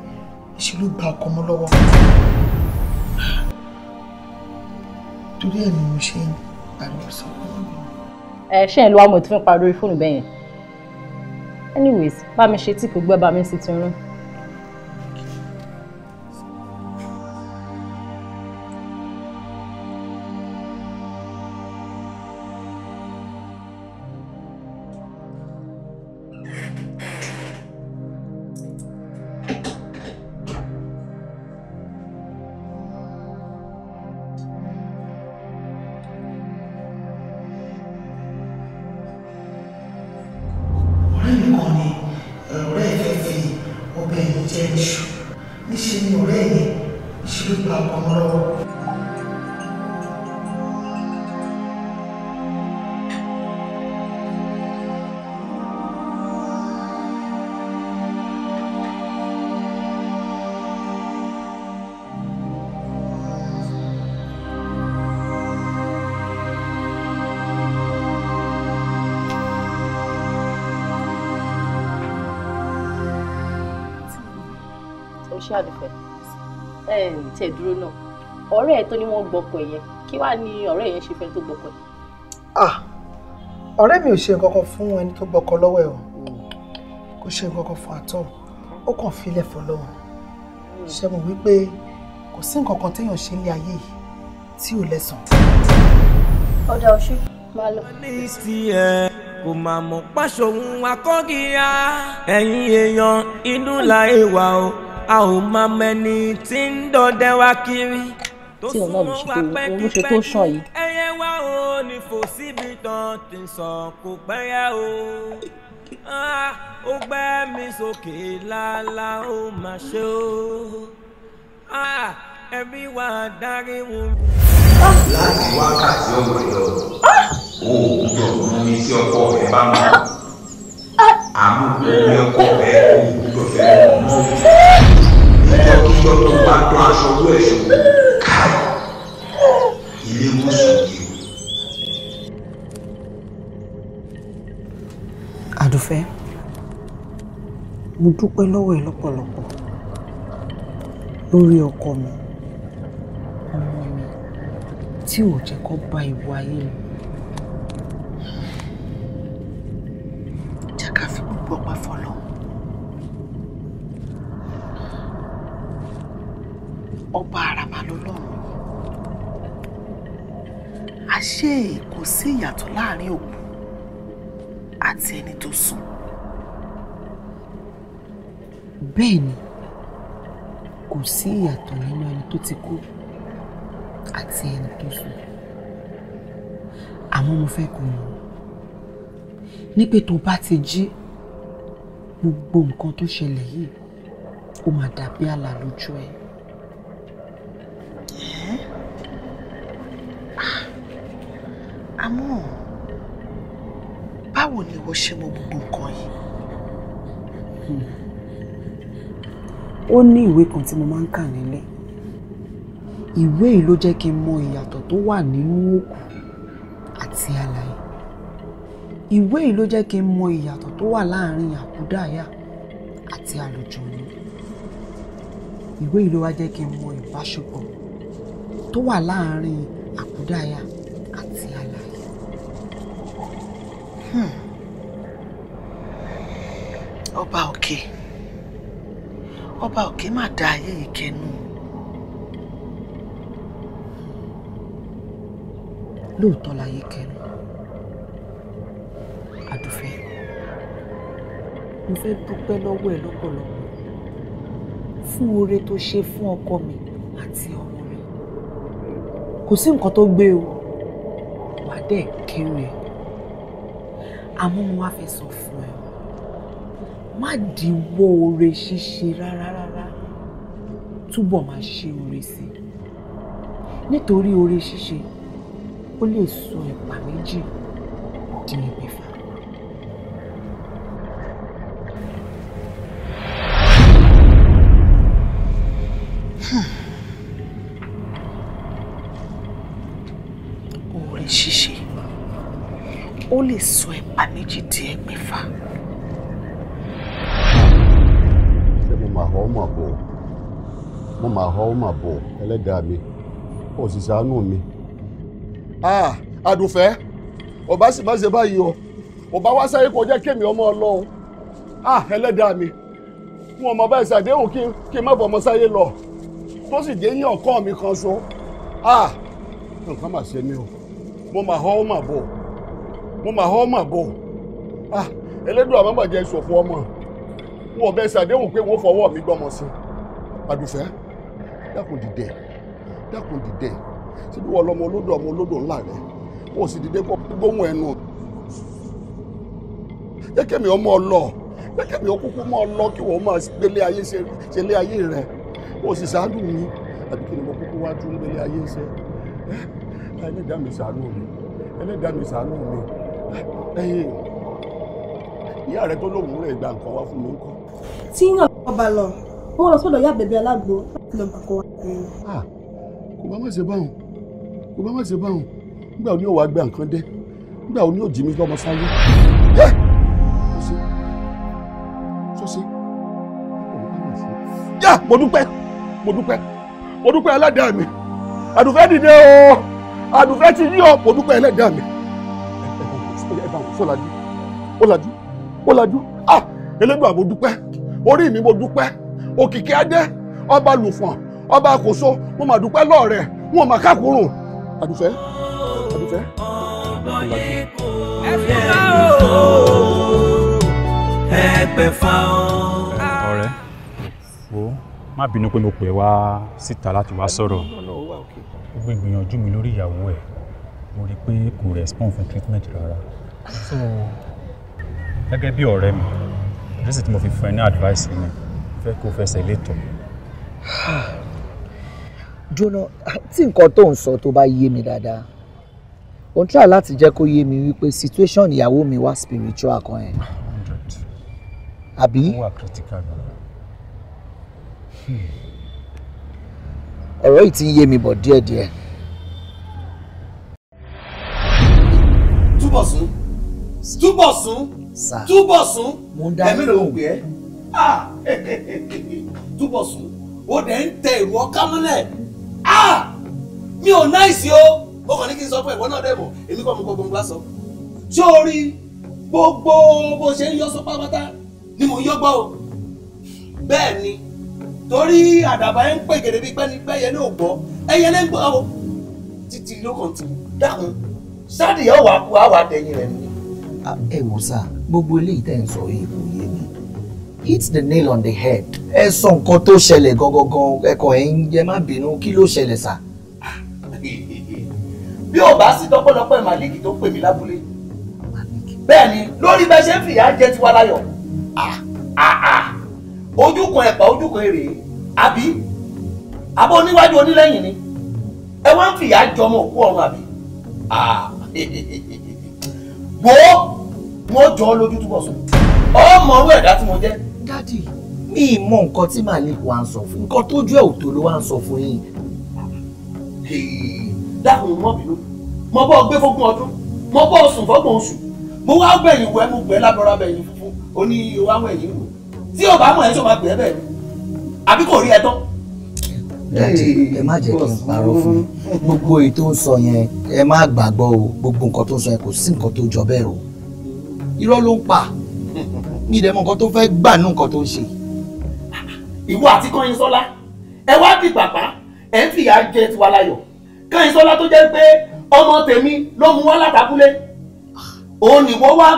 ìṣèlú gba ọkọ mọ́ lọ́wọ́ torí ẹ̀ ni mo ṣe ń pariwo sọ́wọ́ mi. ẹ ṣe ń lo amọ̀ tó fi ń pariwo fóònù bẹ́yẹn anyways bá mi ṣe tí kò gbẹ́ bá mi sì ti rún. tó ní wọ́n gbọ́kọ yẹn kí wàá ní ọ̀rẹ́ yẹn ṣe fẹ́ tó gbọ́kọ yẹn. Ah, mi ò ṣe nǹkan kan fún ẹni tó gbọ́kọ lọ́wọ́ ẹ̀ o kò ṣe nǹkan kan fún àtọ̀ ó kàn fi ilẹ̀ fọ́ lọ́wọ́ hmm. wípé kò sí nǹkan kan téèyàn ṣe ní ayé yìí tí ò lẹ́sàn. ọ̀dà ọ̀ṣù máa lọ. kò máa mọ̀ páṣọ òun akọ́gíyá ẹ̀yin èèyàn inú la ìwà o a ò máa mẹ́ni tí ń dọdẹ wá kiri tí òun náà ṣe pé owó ṣe tó sàn yìí. ẹyẹ wá o ní fò síbi tán ti sàn kò pẹ́yà o ah, ó gbẹ́ mi sókè lálá ó mà ṣe o ah, ẹbí wa darí wọn. láti wákàtí ọ̀gbìn lọ oògùn ọ̀gbìn mi tí ọkọ rẹ bá mọ àmúgbò ní ọkọ rẹ oògùn tó fẹ́ mọ́ ìjọ tó bá tó aṣọ owó ẹ̀ṣọ́ wọ́n sọ yìí o. àdùfẹ́ mo dúpẹ́ lọ́wọ́ ẹ lọ́pọ̀lọpọ̀ lórí ọkọ mi ọmọ mi tí ò jẹ́ kó bá ìwà ayé mi. yàtọ̀ láàrin òkú àti ẹni tó sùn. bẹ́ẹ̀ ni kò sí ìyàtọ̀ nínú ẹni tó ti kú àti ẹni tó sùn àmọ́ mo fẹ́ kó mọ̀ ní pé tó bá ti jí gbogbo nǹkan tó ṣẹlẹ̀ yìí ó máa dàbí àlá lójú ẹ̀. ṣe mọ gbogbo nǹkan yìí hmm. ó ní ìwé kan tí mo máa ń kà nílé ìwé yìí ló jẹ́ kí n mọ ìyàtọ̀ tó wà nínú òkú àti alààyè ìwé yìí ló jẹ́ kí n mọ ìyàtọ̀ tó wà láàrin àkúdàáyà àti àlùjọ̀nù ìwé yìí ló wá jẹ́ kí n mọ ìbáṣepọ̀ tó wà láàrin àkúdàáyà àti alààyè. Hmm. òkè ọba òkè má da ayé yìí kẹnu. lóòótọ́ láyé kẹnu àdùfẹ́ mo fẹ́ dúpẹ́ lọ́wọ́ ẹ lọ́pọ̀lọpọ̀ fún oore tó ṣe fún ọkọ mi àti ọmọ rẹ kò sí nǹkan tó gbé o wàá dẹ̀ kéré àmọ́ mo wá fẹ́ sọ fún ẹ o má díwọ́ oore ṣíṣe rárá rárá túbọ̀ máa ṣe oore sí i nítorí oore ṣíṣe ó lè sọ ẹ̀pà méjì di ẹgbẹ̀fà. oore ṣíṣe ó lè sọ máa họ́ ó máa bọ̀ ẹlẹ́dàá mi ó sì ṣàánú mi. àdùfẹ́ ọba sì má ṣe báyìí o ọba wá sáyé kọjá kémi ọmọ ọlọ o ẹlẹ́dàá mi wọn ọmọ bá ìṣàdéhùn kí n má bọ̀ ọmọ sáyé lọ tó sì dé yín ọ̀kọ́ mi kan so nǹkan mà ṣe mí o mo mà họ́ ó mà bọ̀ mo mà họ́ ó mà bọ̀ ẹlẹ́dùn àmọ́ bàjẹ́ ìṣòfò ọmọ wọn ọbẹ̀ ṣàdéhùn pé wọ́n fọwọ́ mi gbọ́mọ sí i àdùfẹ́ dákun dìde dákun dìde síbi wọ́n lọ́mọ olódò ọmọ olódò ńlá rẹ̀ kó o sì dìde kó gbóhùn ẹnu jẹ́kẹ̀mí ọmọ ọlọ jẹ́kẹ̀mí ọkùnkùn mọ́ ọlọ kí wọ́n máa gbélé ayé ṣẹlé ayé rẹ̀ kó o sì ṣàánú mi àbí kí ni mo kúkú wá tún gbélé ayé ṣe ẹlẹ́dàá mi ṣàánú mi ẹlẹ́dàá mi ṣàánú mi ẹ̀yìn ìyá rẹ tó lóun rẹ̀ gbà nǹkan wá fún mi ńkọ́. tí náà bá lọ wọ́n lọ sọ́dọ̀ ìyá bẹ̀bẹ̀ alágbó láti lọ gbàkọ́ wa. Ah, kò bá má ṣe báwọn kò bá má ṣe báwọn nígbà wo ni yóò wá gbé nǹkan dé nígbà wo ni yóò jí mi lọ́mọ sáyé. sọ́sẹ́ yá mo dúpẹ́ mo dúpẹ́ mo dúpẹ́ aládàá mi àdùfẹ́ dìde o àdùfẹ́ ti yí ọ mo dúpẹ́ ẹlẹ́dàá mi ẹ bá wọn sọ làjú ó làjú ó làjú ah elédùn àbò dúpẹ́ orí mi mo dúpẹ́ òkìkí adé ọba lùfọ̀n ọba àkóso mo mà dúpẹ́ lọ́ọ̀rẹ́ wọn mà kákòrò àdùfẹ́ àdùfẹ́. ọ̀rẹ́ wo má bínú pé mo pè wá síta láti wá sọ̀rọ̀ gbogbo ìgbìyànjú mi lórí ìyàwó ẹ̀ mo rí i pé kò respond fún treatment rárá so gẹ́gẹ́ bí ọ̀rẹ́ mi ìrísí tí mo fi fún ẹ ní advice ni fẹ́ kó fẹsẹ̀ létò. jóná tí nǹkan tó ń sọ tó bá yé mi dáadáa ò ń try láti jẹ́ kó yé mi wípé situation ìyàwó mi wá spiritual kan yẹn. àbí. wọ́n wà critical gan. ọ̀rọ̀ yìí ti ń yé mi bọ̀ díẹ̀díẹ̀. túbọ̀ sún túbọ̀ sún túbọ̀ sún ẹ̀mí ló ń pè é. túbọ̀ sùn ó dẹ̀ ń tẹ ìrù ọ̀ká mọ́lẹ̀ mi ò náìsí o ó kàn ní kí n sọ fún ẹ̀wọ́n náà dẹ̀bọ̀ èmi kọ́ mi kọ́ gbọ̀ngbà sọ tí o rí gbogbo bó ṣe ń yọ sọ pátápátá ni mò ń yọ gbọ́ o bẹ́ẹ̀ ni torí àdàbà ẹ̀ ń pè gèdè bíi pẹ́ni pẹ́yẹ ní ògbọ́ ẹ̀yẹ ní gbọ́ o títí ló kàn tì dákun sáàdì yóò wá kú àwọn àtẹ̀yìn rẹ̀ nìyẹn. Ah, ẹ wò sá gbogbo eléyìí tẹ̀ ń sọ yìí kò yẹ hit the nail on the head. ẹ sọ nǹkan tó ṣẹlẹ̀ gangan ẹ̀kọ́ ẹ̀ ń jẹ́ má bínú kí ló ṣẹlẹ̀ sà. bí ò bá sí tọpọlọpọ màlíkì tó pè mí lábúlé bẹ́ẹ̀ ni lórí bẹ́ẹ̀ ṣe ń fìyà jẹ tiwa láyọ̀ ah. ah, ah. ojúkan ẹ̀pà ojúkan èrè àbí abọ́ oníwájú onílẹ́yìn ni ẹ wá ń fìyà jọ ọmọ òkú ọ̀run àbí gbòó mo jọ ọ lójú túbọ̀ sùn ọmọ ọwọ́ ẹ̀dá tí mo jẹ́ dádì mi ì mọ nǹkan tí màálíkù wa ń sọ fún nǹkan tójú ẹ̀ ò ló wá sọ fún yín. dáhùn mọ́ bínú mo bọ́ gbé fógún ọdún mo bọ́ sùn fọ́gbọ̀n oṣù mo wá gbẹ̀yìn wẹ́ mo gbẹ́ lábọ́ra bẹ̀yìn funfun ó owó àwọn ẹ̀yìn wò tí ò bá mọ̀ ẹ́ máa gbẹ́ bẹ́ẹ̀ àbí kò rí ẹ dádì ẹ má jẹ́ kí n parọ́ fún gbogbo èyí tó ń sọ yẹn ẹ má gbàgbọ́ o gbogbo nǹkan tó ń sọ yẹn kò sí nǹkan tó jọ bẹ́ẹ̀ o irọ́ ló ń pa. mi dẹ̀ mọ nǹkan tó fẹ́ gbà nù nǹkan tó ń ṣe. ìwọ àti Kọ́yìnsọ́lá ẹ wá di pàpà ẹ ń fìyà jẹ tiwa láyọ̀ Kọ́yìnsọ́lá tó jẹ́ pé ọmọ tèmi ló mú wá látàkúlé òun nìwọ wá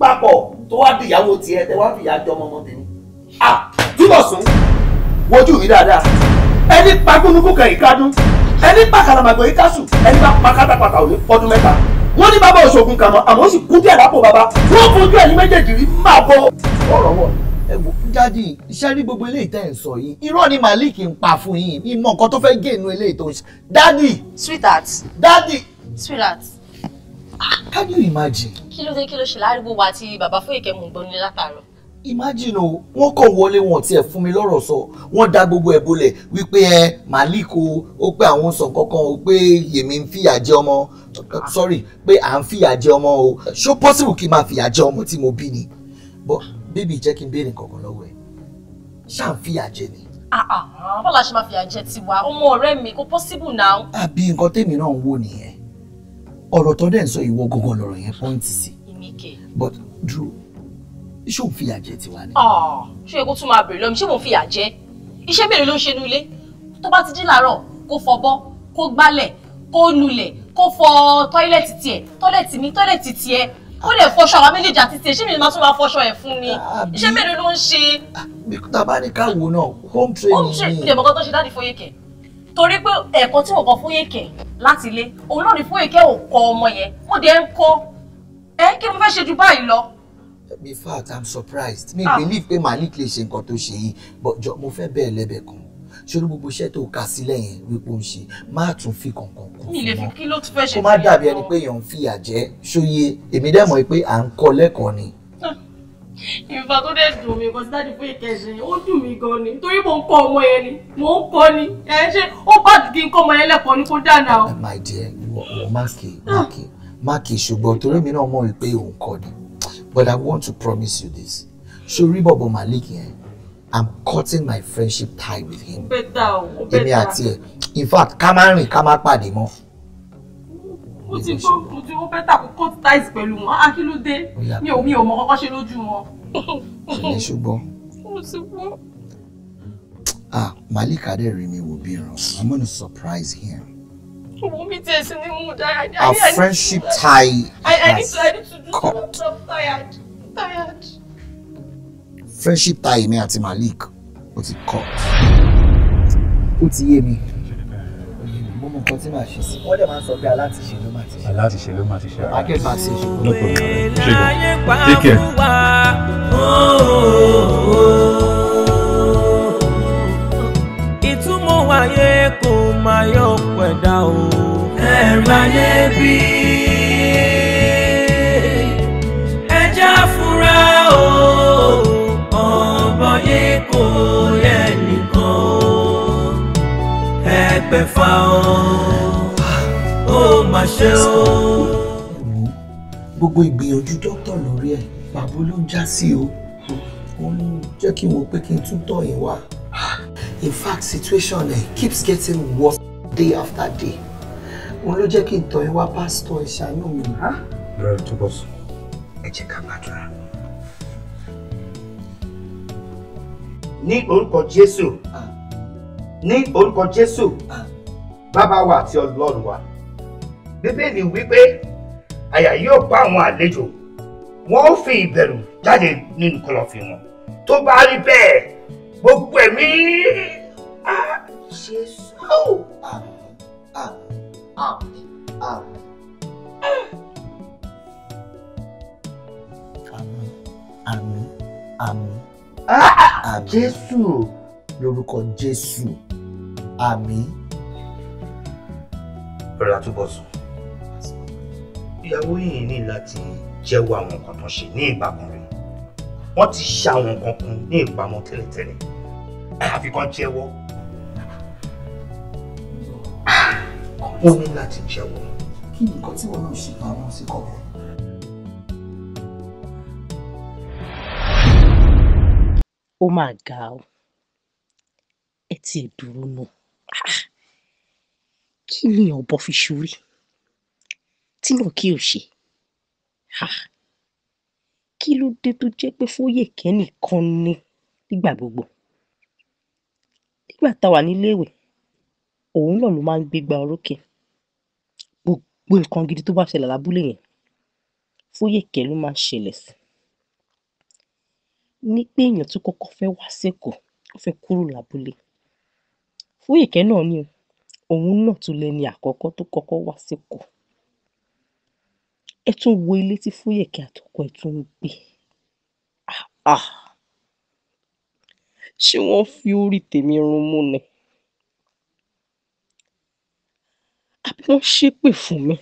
papọ̀ tó wá di ìyàwó tiẹ̀ tẹ wá fìyà jẹ ọmọ ọmọ tèmi. túbọ̀ sùn wojú mi dáadáa ẹni pa gbónúkú kẹ̀yìn kádùn ẹni pa kàlàmàgbò yìí kásù ẹni bá òní pọ́dún mẹ́ta wọ́n ní bàbá òṣogùn kà mọ́ àmọ́ sì kú díẹ̀ lápò bàbá wọ́n fojú ẹ̀yìn méjèèjì rí máa bọ́. ọ̀rọ̀ wọ̀ ẹ wò jáde iṣẹ́ rí gbogbo eléyìí tẹ́ ẹ̀ ń sọ yìí irọ́ ni Malik ń pa fún yín ìmọ̀ nǹkan tó fẹ́ gé inú eléyìí tó ń ṣe dádì. sweetheart. dádì. sweetheart. can you imagine. kí ló dé kí ló ṣe láàrin gbogbo àti bàbá fún ìkẹ́mu gbóni látàárọ̀ imagine o wọ́n kàn wọlé wọn tiẹ̀ fún mi lọ́rọ̀ sọ wọ́n da gbogbo ẹ̀ bolẹ̀ wípé ẹ malik o ó pé àwọn sọ kankan o pé yèmí ń fìyà jẹ ọmọ sorry pé à ń fìyà jẹ ọmọ o ṣó possible kí n máa fìyà jẹ ọmọ tí mo bí ni but baby jẹ́ kí n béèrè kankan lọ́wọ́ ẹ̀ ṣáà ń fìyà jẹ ni ah, ah, bọ́ọ̀ la ṣe máa fìyà jẹ tiwa ọmọ ọ̀rẹ́ mi kò possible now. àbí nǹkan tèmi náà ń wò nìyẹn ọ̀rọ̀ tó dẹ̀ ń sọ ìwọ gọ́gọ́ lọ̀rọ̀ yẹn pọ́ǹtì sí. but Drew iṣẹ́ òun fìyà jẹ tiwa ni. Ah, ṣé o kò tún máa bèrè lọ́mi ṣé mò ń fìyà jẹ iṣẹ́ mélòó ló ń ṣe nu ilé tó bá ti jí làárọ̀ kó fọbọ́ kó gbálẹ̀ kó nulẹ̀ kó fọ tọ́ílẹ̀tì tiẹ̀ tọ́ílẹ̀tì mi tọ́ílẹ̀tì tiẹ̀ ó lè fọṣọ àwọn méjèèjì àti tiẹ̀ ṣé mi máa tún máa fọṣọ ẹ̀ fún mi iṣẹ́ mélòó ló ń ṣe. bíkúta ah, bá ní káwo náà home training ni. home training ni ẹ̀mọ́kọ́ tó ṣe dáàdì Fóyèkẹ́ torí pé ẹ̀kọ́ tí mo kọ́ Fóyèkẹ́ láti ilé òun náà ni Fóyèkẹ́ ò kọ́ ọmọ yẹn mo dẹ̀ ń kọ́ ẹ kí mo fẹ́ ṣe ju báyìí lọ in fact i'm surprised mi ah. believe pé malik lè ṣe nǹkan tó ṣe yìí but jọ mo fe bẹ́ẹ̀ lẹ́bẹ̀ẹ́ kan ṣorí gbogbo iṣẹ́ tó kà sílẹ̀ yẹn wípé ó ń ṣe má tún fi kankan kún fún wọn kó má dàbí ẹni pé èèyàn ń fìyà jẹ ṣóyè èmi dẹ̀ mọ̀ pé à ń kọ́ lẹ́kọ̀ọ́ ni. Ah. ìfà tó dẹ̀ dùn mí kan sí dájú pé ìkẹsìn ó dùn mí gan ni torí mò ń kọ́ ọmọ yẹn ni mò ń kọ́ ni ẹ ṣe ó bá kí n kọ́ ọmọ yẹn lẹ́kọ̀ọ́ ni kó dáná o. Eh, my dear wọ máàkì máàkì máàkì ṣùgbọ́n torí mi náà mọ̀ pé òun kọ́ ni But I want to promise you this. Ṣorí Bọ̀bọ̀ Malik yẹn, I'm cutting my friendship tie with him. Better, o, bẹ́tà. In fact, come má rìn ká má pàdé mọ́. Mo ti gbọ́ mo ti cut ties pẹ̀lú wọn. A ah, kí ló dé? Mi ò mi ò mọ kọ́kọ́ ṣe lójú wọn. Ṣèlè ṣùgbọ́n. Mo Ah, Malik Adé will be wrong. bí ìran. I'm gonna surprise him. Our friendship tie has cut. Friendship tie mi àti Malik ó ti cut. Ó ti yé mi. Mo mọ nǹkan tí màá ṣe sí. Wọ́n dẹ̀ máa ń sọ pé aláàtìṣe ló máa ti ṣe. Aláàtìṣe ló máa ti ṣe. Akẹ́ Take care. ọlọ́run ayé kò máa yọ pẹ̀dá o. ẹ̀rù ayé bí ẹja fura o ọ̀bọ yé kò yẹ nìkan o ẹgbẹ̀fà o ó mà ṣe o. gbogbo ìgbìyànjú dókítà lórí ẹ̀ pàbó ló ń já sí o òun jẹ́ kí n wo pé kí n tún tọ̀ yín wá in fact situation eh, keeps getting worse day after day òun ló jẹ́ kí n tọ̀ ẹ́ wá pásítọ̀ ìṣàánú mi. rẹ̀ tó bọ̀ sùn ẹ jẹ́ ká gbàdúrà. ní orúkọ jésù ah. ní orúkọ ah. wa àti ọlọ́run wa bíbélì wípé àyà yóò bá àwọn àlejò wọn ó fi ìbẹ̀rù jáde nínú kọ̀lọ̀fín wọn tó bá rí bẹ́ẹ̀ gbẹ̀mí. Jésù. Àmín àmín àmín àmín. Àmín àmín àmín. Jésù lórúkọ Jésù. Àmín. Bẹ̀rẹ̀ àtúbọ̀sùn. Ìyàwó yìí ní láti jẹ́wọ́ àwọn nǹkan tó ṣe ní ìgbà kan rí. Wọ́n ti ṣe àwọn nǹkan kan ní ìpamọ́ tẹ́lẹ̀tẹ́lẹ̀ àfi kan jẹ́wọ́ wọ́n ní láti jẹ́wọ́. kí ni nǹkan tí wọn náà ṣe pamọ́ sí kọ̀ọ̀kan. ó máa ga ọ ẹ ti dúró nù kí ni ọ̀bọ fi ṣorí tí náà kí o ṣe kí ló dé tó jẹ́ pé fóyè kẹ́nìkan ní nígbà gbogbo nígbà tá a wà níléèwé òun náà ló máa ń gbégbá orókè gbogbo nǹkan gidi tó bá ṣẹlẹ̀ lábúlé yẹn Foyeke ló máa ń ṣẹlẹ̀ sí ní pé èèyàn tó kọ́kọ́ fẹ́ wá sẹ́kọ̀ọ́ ó fẹ́ kúrò lábúlé Foyeke náà ni o òun náà tún lẹni àkọ́kọ́ tó kọ́kọ́ wá sẹ́kọ̀ọ́ ẹ tún wo ilé tí Foyeke àtọkọ ẹ̀ tún ń gbé ah ah ṣé wọ́n fi orí tèmi runmú ni àbí wọ́n ṣépè fún mi?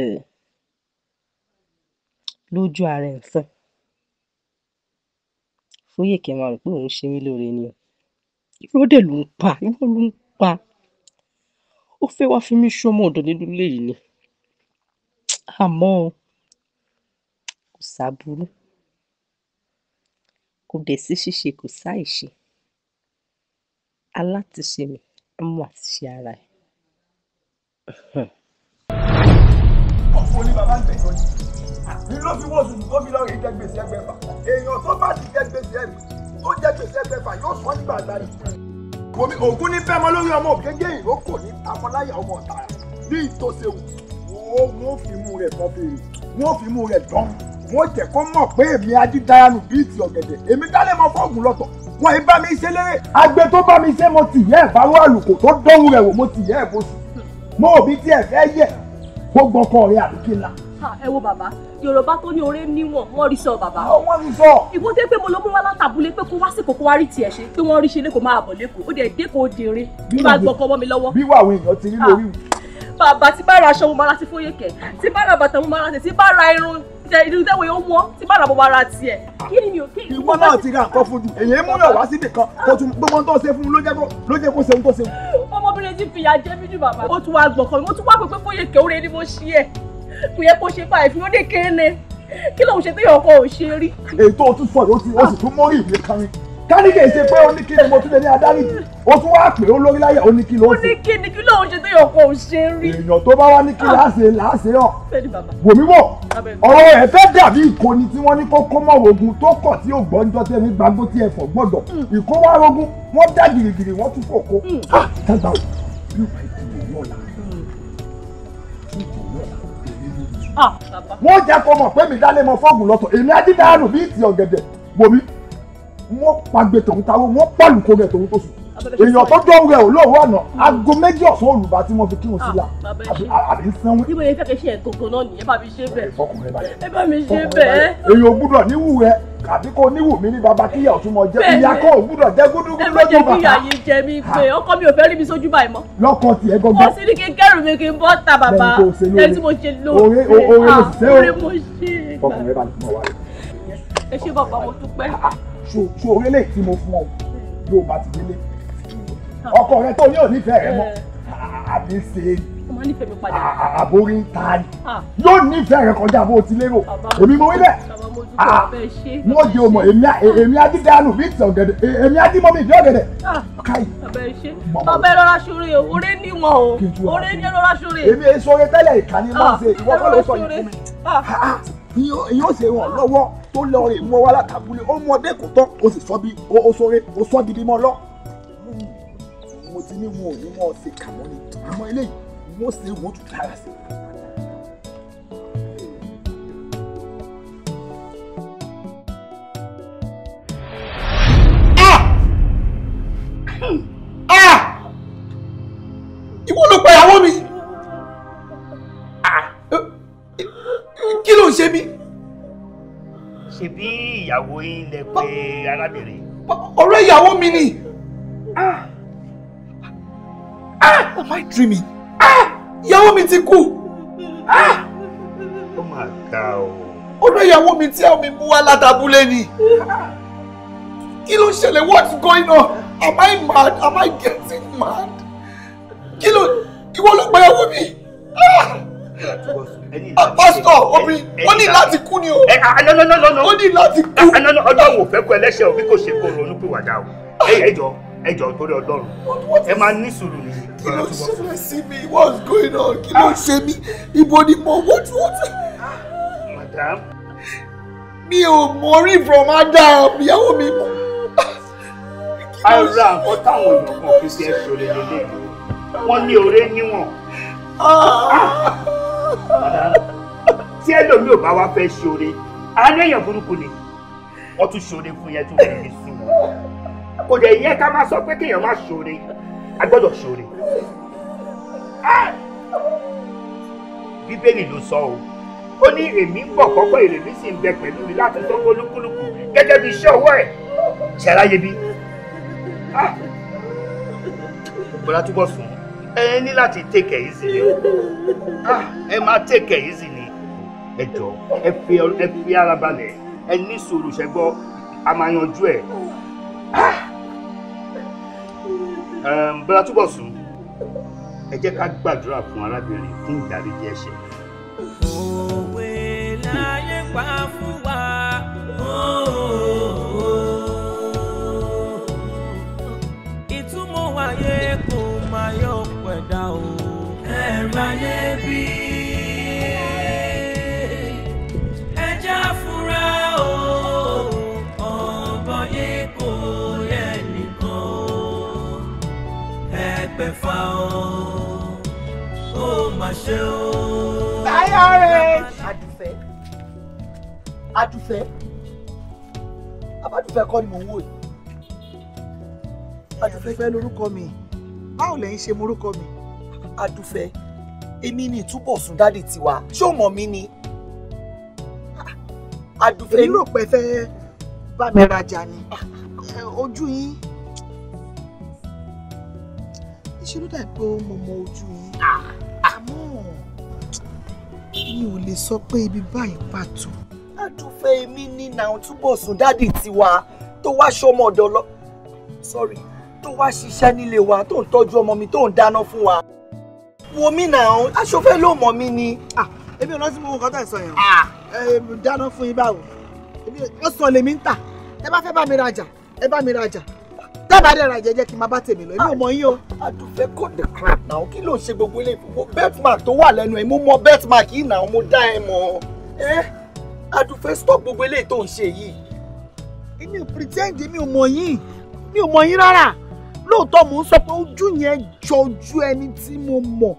um lójú ara ẹ̀ sàn Foyeke máa rò pé òun ṣe mí lóore ni o irọ́ ló ń pa irọ́ ló ń pa ó fẹ́ wáá fi mí ṣọmọ ọ̀dọ̀ nínú ilé yìí ni àmọ́ o kò sábúrú kò dẹ̀ sí ṣíṣe kò sáìṣe alátúnṣe ni á mọ àtúnṣe ara ẹ̀. ni ló fi wọ́ọ̀sù tó fi lọ́ọ́ rí jẹ gbèsè ẹgbẹ̀fà èèyàn tó bá ti jẹ gbèsè ẹ̀mí tó jẹ gbèsè ẹgbẹ̀fà yóò sọ nígbà àgbáyé. omi ògún ní bẹ́ẹ̀ mọ́ lórí ọmọ òkèké ìró kò ní tamọ́láyà ọmọ ọ̀tá ní ìtòsẹ̀wò wọ́n fi mú rẹ̀ fọ́ bèrè wọ́n fi mú rẹ̀ dán wọn jẹ́ kó mọ̀ pé èmi adídáyanu bíi ti ọ̀gẹ̀dẹ̀ èmi dálé mọ fọ́ọ̀gùn lọ́tọ̀ wọn ì bá mi ṣe lérè agbe tó bá mi ṣe mo ti yẹ ìbáwọ àlùkò tó dánwò rẹ wò mo ti yẹ ìbò sí mo ò bí tiẹ̀ fẹ́ yẹ gbogbo ọkọ rẹ àbíkí la. ẹ wo bàbá yorùbá tó ní oore níwọ̀n wọ́n rí sọ bàbá. Ah, wọ́n rí sọ. ìwọ tẹ́ pé mo ló mú wá látàbúlé pé kó wá sí kókó wá rí tiẹ̀ ṣe pé wọ́n rí ṣe lẹ́kọ̀ọ́ máa bọ̀ lẹ́kọ̀ọ́ ó dẹ̀ dé kó dèrè bí wàá gbọ́kọ́ mọ́ mi lọ́wọ́. bí wàá wí ìyàn ti rí lórí. bàbá tí bá ra aṣọ mo máa láti fóyè kẹ tí bá ra bàtà mo máa láti tí bá ra irun tẹ irú tẹ́wọ̀ yóò wọ́n tí bá làbọ̀ ara tiẹ̀. kí ni o kí ni. ìwọ náà ti ra nǹkan fojú èyí múlẹ̀ wá síbì kan kó tún gbogbo tó ṣe fún un ló jẹ́ kó ṣe ohun tó ṣe. ọmọbìnrin ti fìyà jẹ mí jù bàbá. ó tún wá gbọ̀kan mi ó tún wá pé pé fóyè kéwúrẹ́ ni mo ṣí ẹ̀ kò yẹ kó ṣe báyìí fún ó kéne kí lòun ṣe tó yẹ ò ṣe rí. èyí tó o tún sọ yóò ti sì tún mọ́rí ìlé kan káníkè ṣe pé oníkíni mo tún lè ní adáríjì ó tún wáá pè ó lórí láyà oníkíni ó sì. oníkíni kí lóun ṣe téèyàn kò ṣe rí. èèyàn tó bá wá ní kí láṣẹ láṣẹ ọ wòmí wò ọ̀rọ̀ ẹ̀ fẹ́ dàbí ìkóni tí wọ́n ní kó kó mọ́ ogun tó kọ̀ tí yóò gbọ́njọ́ tí ẹni gbàgbó tí ẹ̀fọ́ gbọ́dọ̀ hmm. ìkó wá rogun wọ́n dá gìrìgìrì wọ́n tún kòkó. dágbà hmm. o bí wàá ìdìbò lọ́la hmm. ah, wọ́n jà kọ́ mọ̀ pé mi dálé mọ fọ́ọ̀gù lọ́tọ̀ èmi adídáàrùn bíi ti ọ̀gẹ̀dẹ̀ wòmí wọ́n pagbe tòun táwọn wọ́n pàlù kó rẹ̀ tòun tó sùn èèyàn tó dọ́ rẹ̀ ò lóòrò ọ̀nà aago méjì ọ̀sán olùbá tí wọ́n fi kírun sí la ah, àbí sanwó. bí mo yẹ kẹ́kẹ́ ṣe ẹ̀ gbogbo náà nìyẹn bá mi ṣe bẹ́ẹ̀ ẹ bá mi ṣe bẹ́ẹ̀. èèyàn ò gbúdọ̀ níwù rẹ àbí kó níwù mí ní baba kíyà ọ̀tún mọ̀ jẹ́ ìyá kó ò gbúdọ̀ jẹ́ gúdúgúdú lójú bàtà. ẹ má jẹ́ kí ìyá yìí jẹ mí gbé ọkọ mi ò fẹ́ rí mi sójú báyìí mọ́. lọ́kọ tiẹ̀ gọ́gọ́. ó sì ní kí n kẹ́rù mi kí n bọ́ ta bàbá ẹni tí mo ṣe lò ó ah, ṣe é ọkùnrin mo ṣe é. ẹ ṣé bàbá mo dúpẹ́ ṣo orí lè tí mo fún ọ yóò bá ti délé ọkọ rẹ tó ní ò nífẹ̀ẹ́ rẹ mọ́ àbí ṣe àbórí ń ta ni ah. yóò nífẹ̀ẹ́ rẹ kọjá bó ti lérò èmi mo wí bẹ́ẹ̀ ah, wọ́n di ọmọ èmi adídánù bíi tàn gẹ̀dẹ̀ èmi e, adímọ́mí ìdí ọ̀gẹ̀dẹ̀. Ah, bàbá ẹ lọ́ra ṣúre o oore ní wọn o oore ní lọ́ra ṣúre. èmi èso oore tẹ́lẹ̀ ìkànnì máa ń ṣe ìwọ́pẹ́ ló sọ yìí fún mi. ìyóò ṣe wọn lọ́wọ́ tó lọ rè mú ọ wá látàbúlé ọmọdé kò tán o sì sọ bí o sọre o sọ gidi mọ́ lọ. mo ti ní wọn ò ní wọn ṣe kàmọ́ ni àmọ́ eléyìí wọ́n ṣe wọ́n tún dára sí ah! Ah! ìwọ ló pa ìyàwó ṣe bí ìyàwó yín lẹ pé arábìnrin. ọ̀rẹ́ ìyàwó mi ni. ah ah am I dreaming? ah ìyàwó mi ti kú. ah ó mà ga o. ọ̀rẹ́ ìyàwó mi tí àwọn mi mú wá látàbúlé ni. kí ló ń ṣẹlẹ̀ what's going on? am I mad? am I getting mad? kí ló ìwọ ló pa ìyàwó mi? ah. Ah, pásítọ̀ obi ó ní láti kú ni o eh, ah, ó ní láti kú. Ah, ọjọ́ wo fẹ́ kú ẹlẹ́ṣẹ̀ o bí kò ṣe kó ronú pìwàdà o ẹjọ́ ẹjọ́ torí ọlọ́run ẹ máa ní sùúrù ni. kí ló ṣẹlẹ̀ sí mi what's going on kí ló ṣe mí ibo ni mo what what. madam. mi ò mọ rí from adam ìyàwó mi mọ. ara nǹkan táwọn èèyàn kan fi ṣe é ṣòro lélẹ́yìn wọ́n ní oore níwọ̀n tí ẹlòmí ò bá wá fẹ́ ṣoore àánú èèyàn burúkú ni wọ́n tún ṣoore fún yẹn tó fẹ́ẹ́ fi sùn wọn kò dẹ̀ yẹ ká máa sọ pé kéèyàn má ṣoore a gbọ́dọ̀ ṣoore bíbélì ló sọ o ó ní èmi ń bọ̀ kọ́kọ́ èrè mi sì ń bẹ pẹ̀lú mi láti tó kólúkúlùkù gẹ́gẹ́ bí iṣẹ́ ọwọ́ ẹ̀ ṣàlàyé bí bọ́lá túbọ̀ sùn ẹ ní láti take it easy ni o ah, ẹ máa take it easy ni ẹ jọ ẹ fi ẹ fi ara balẹ̀ ẹ ní sùúrù ṣẹgbọ́ a máa yanjú ẹ. Ah! Ehm, bọ́lá ẹ jẹ́ ká gbàdúrà fún arábìnrin fún ìdáríjì ẹ̀ṣẹ̀. òwe láyé pa fún wa. ìtumọ̀ wáyé kò máa yọ ẹ̀dá o. ẹ̀rọ ayé bí ẹja fura o ọ̀bọ yé kò yẹ nìkan o ẹgbẹ̀fà o ó mà ṣe o. táyà rẹ̀. adùfẹ́ adùfẹ́ abádùfẹ́ ni mò ń wò yìí adùfẹ́ fẹ́ lórúkọ mi báwo lẹ́yìn ṣe morúkọ mi adúfẹ́ èmi ni ìtúbọ̀sùn dáàdì tiwa ṣé o mọ̀ mí ni adúfẹ́. èmi rò pé fẹ́ bá mi rajà ni ojú yín níṣẹ́ ló dàbí pé mo mọ ojú yín àmọ́ mi ò lè sọ pé ibi báyìí pàtó. adúfẹ́ èmi ni nàá túbọ̀sùn dáàdì tiwa tó wá ṣọmọ lọ. sorry tó wá ṣiṣẹ́ nílé wa tó ń tọ́jú ọmọ mi tó ń dáná fún wa wo mí náà aṣọfẹ́ ló mọ̀ mí ni. Ah, èmi ò lọ sí mo nǹkan tó ń sọ yẹn ah. dáná fún yín báwo ọsàn lèmi ń tà ẹ bá fẹ́ bá mi rajà ẹ bá mi rajà dábàá dẹ̀ rajà kí n máa bá tèmi lọ èmi ò mọ yín o. Ah, adùnfẹ́ kò dé crap náà kí ló ń ṣe gbogbo ilé ìfowó betmark tó wà lẹ́nu ẹ̀ mo mọ betmark yìí náà mo dá ẹ mọ̀ ẹ́ adùnfẹ́ mi ò mọ yín rárá lóòótọ́ mò ń sọ pé ojú yẹn jọjú ẹni tí mo mọ̀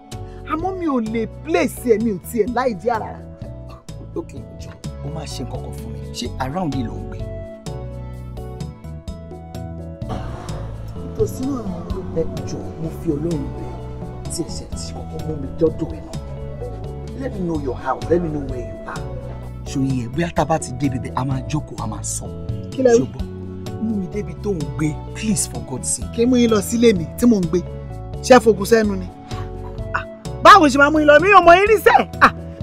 àmọ́ mi ò lè pléèsì ẹ̀ mi ò tiẹ̀ láì dí ara. lókè ìjọ ó máa ṣe nǹkan fún mi ṣé around yìí ló ń gbé. ìtòsí náà ni mo bẹ jọ mo fi ọlọ́run bẹ tí ẹsẹ̀ tí kọ́kọ́ mú mi dọ́dọ̀ ẹ̀ náà let me know your house let me know where you are. ṣòyìn ẹ̀ bóyá tá a bá ti dé bíbẹ̀ a máa jókòó a máa sọ. kí lẹ́yìn mú mi débi tó ń gbé please for God's sake. kí mú yín lọ sílé mi tí mò ń gbé ṣé fokùn sẹ́nu ni. báwo ṣe máa mú yín lọ mi ò mọ yín rí sẹ́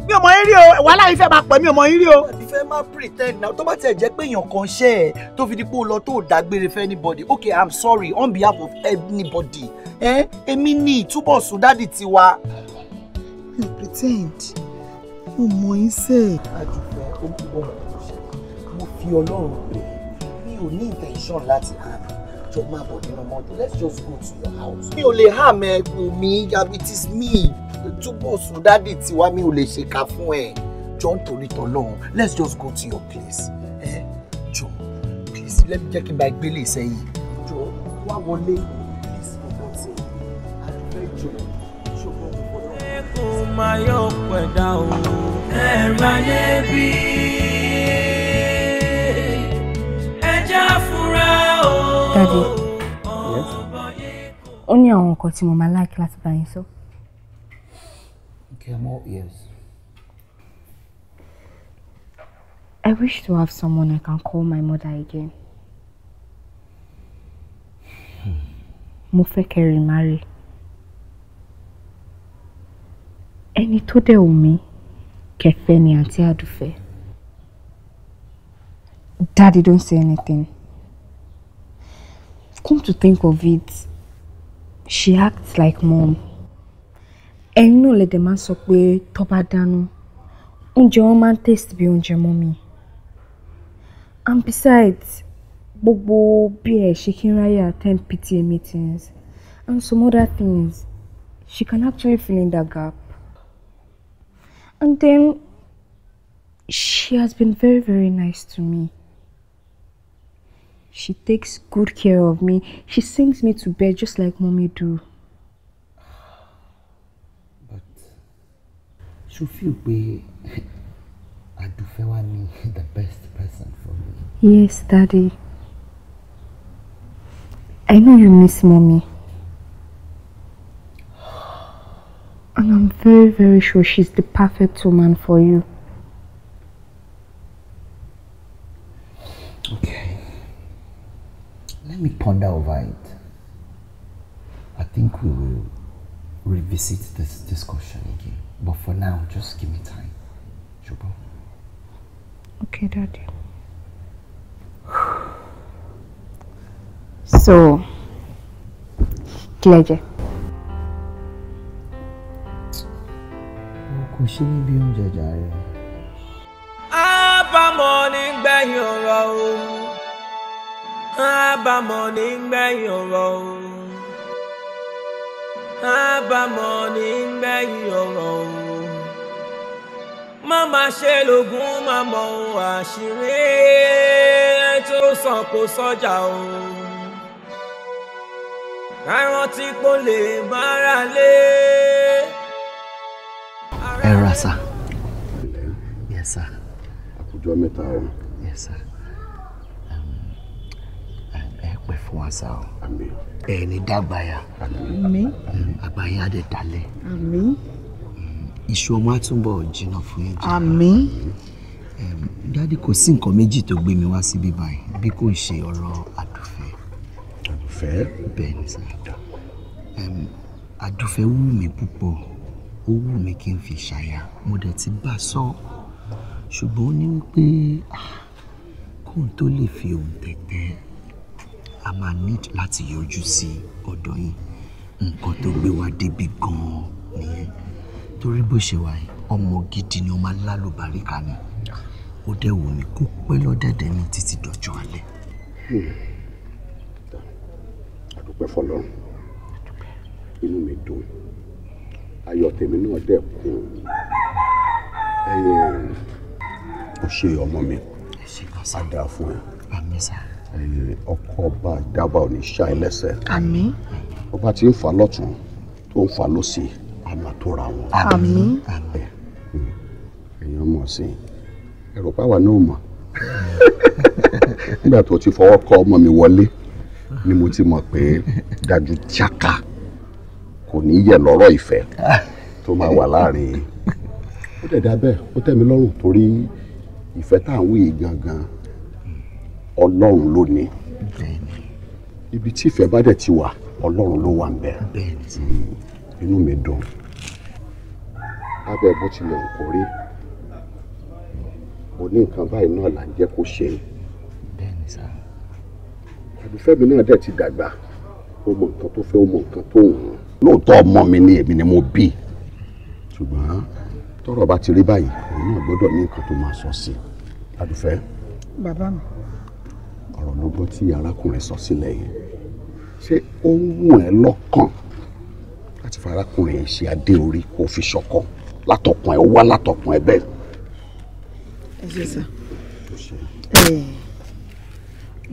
mi ò mọ yín rí o wàhálà ìfẹ́ máa pọ̀ mi ò mọ yín rí o. àti fẹ́ máa pretend náà tó bá tiẹ̀ jẹ́ pé èèyàn kan ṣẹ́ ẹ̀ tó fi di pé o lọ tó dágbére fẹ́ anybody okay i'm sorry on behalf of anybody ẹ èmi ni ìtúbọ̀ sùn dáàdì tiwa. mi pretend mo mọ yín sẹ́ẹ̀. àdùfẹ́ ó gbọ́ mo fi ọlọ́run bẹ̀rẹ̀ o ní intention láti harm jọ máa bọ̀ nínú mọ́tò let's just go to your house. mi ò lè harm ẹ kò mí àbí it is me túbọ̀ sùn dáàdì tiwa mi ò lè ṣèkà fún ẹ jọ nítorí tọ́lọ́run let's just go to your place eh? John, please let me jẹ́ kí n bá ẹ gbélé sẹ́yìn jọ wá wọlé please for kò máa yọ pẹ̀dá o. ẹ̀rọ ayé bíi. Daddy. Yes. Ó ní àwọn nǹkan tí mo máa like láti bá yín sọ. Okay, I'm all ears. I wish to have someone I can call my mother again. Hmm. Mo fẹ́ kẹ́ remarry. Ẹni tó dẹ̀ wù mí kẹfẹ́ ni àǹtí àdùfẹ́. Daddy, don't say anything. Come to think of it, she acts like mom. Ẹ̀yin náà lẹ́dẹ̀ máa ń sọ pé tó bá dáná, oúnjẹ wọn máa ń taste bí oúnjẹ mọ́mì. And besides, gbogbo bí ẹ̀ ṣe kí n ráyè attend PTA meetings and some other things, she can actually fill in that gap. And then, she has been very, very nice to me. She takes good care of me. She sings me to bed just like mommy do. But she feel pé Adufewa me the best person for me. Yes, daddy. I know you miss mommy. And I'm very, very sure she's the perfect woman for you. Okay let me ponder over it. I think we will revisit this discussion again. But for now, just give me time. Shubo. Okay, Daddy. so, Kleje. kò sí níbi your jàre. àbámọ̀ nígbẹ̀yìn ọ̀rọ̀ o àbámọ̀ nígbẹ̀yìn ọ̀rọ̀ o má má ṣe lògùn má mọ àṣírí tó sàn kó sọ́jà o rárántí kó lè mára lé. ẹ ra yes sir. àkójọ mẹ́ta o. yes sir. àṣà o ẹni dàgbàyà mm, àgbàyà adé dalẹ iṣu ọmọ àtúbọ̀ jìnnà fún yín jẹ dáàdi kò sí nǹkan méjì tó gbé mi wá síbí báyìí bí kò ṣe ọ̀rọ̀ àdùfẹ́. àdùfẹ́. bẹ́ẹ̀ ni sá àdùfẹ́ wù mí púpọ̀ ó wù mí kí n fi ṣàyà mo dẹ̀ ti bá sọ ṣùgbọ́n ó ní wípé ah, kóun tó lè fi òun tẹ̀tẹ̀ a máa need láti yọjú sí ọ̀dọ̀ yín nǹkan tó gbé wa débi gan-an nìyẹn torí bó ṣe wà yìí ọmọ gidi ni ọmọ alálùbáríkà ni ó dẹ̀ wù mí kó pẹ́ lọ́dẹ̀dẹ̀ ní títí dọjọ́ alẹ́. àdúpẹ́ fọlọ́run inú mi dùn ayọ̀ tèmi náà dẹ̀ kún ẹ̀yìn ò ọmọ mi a fún ẹ. Eh, ọkọ ọba ìdábà ò ní ṣá ọba tí ń fa lọ́tún tó ń fa lọ́sì àmà tó ra wọn. àmín. èèyàn mọ̀ sí ẹ̀rọ pàwà náà mọ̀ nígbà tó ti fọwọ́ kọ ọmọ mi wọlé ni mo ti mọ̀ pé dájú jáka kò ní yẹ lọ́rọ̀ ìfẹ́ tó máa wà láàrin ó dẹ̀ dá bẹ́ẹ̀ ó tẹ́ mi lọ́rùn torí ìfẹ́ tá à ń wí gangan ọlọ́run ló ní ibi tí ìfẹ́ bá dẹ̀ ti wà ọlọ́run ló wà ń bẹ̀ hmm. inú mi dùn abẹ́ bó tilẹ̀ kò rí mo ní nǹkan báyìí náà là ń jẹ́ kó ṣe àbífẹ́mi náà dẹ̀ ti dàgbà ó mọ nǹkan tó fẹ́ ó mọ nǹkan tó wù ú lóòótọ́ ọmọ mi ni èmi ni mo bí ṣùgbọ́n tọ́rọ̀ bá ti rí báyìí òun náà gbọ́dọ̀ ní nǹkan tó máa sọ sí i àdùfẹ́. bàbá mi ọ̀rọ̀ lọ́gbọ́n tí arákùnrin sọ sílẹ̀ yẹn ṣé ó wù ẹ́ lọ́kàn láti fi arákùnrin yẹn ṣe adé orí kó fi ṣọkọ látọkùn ẹ̀ ó wá látọkùn ẹ̀ bẹ́ẹ̀. ẹ ṣe sá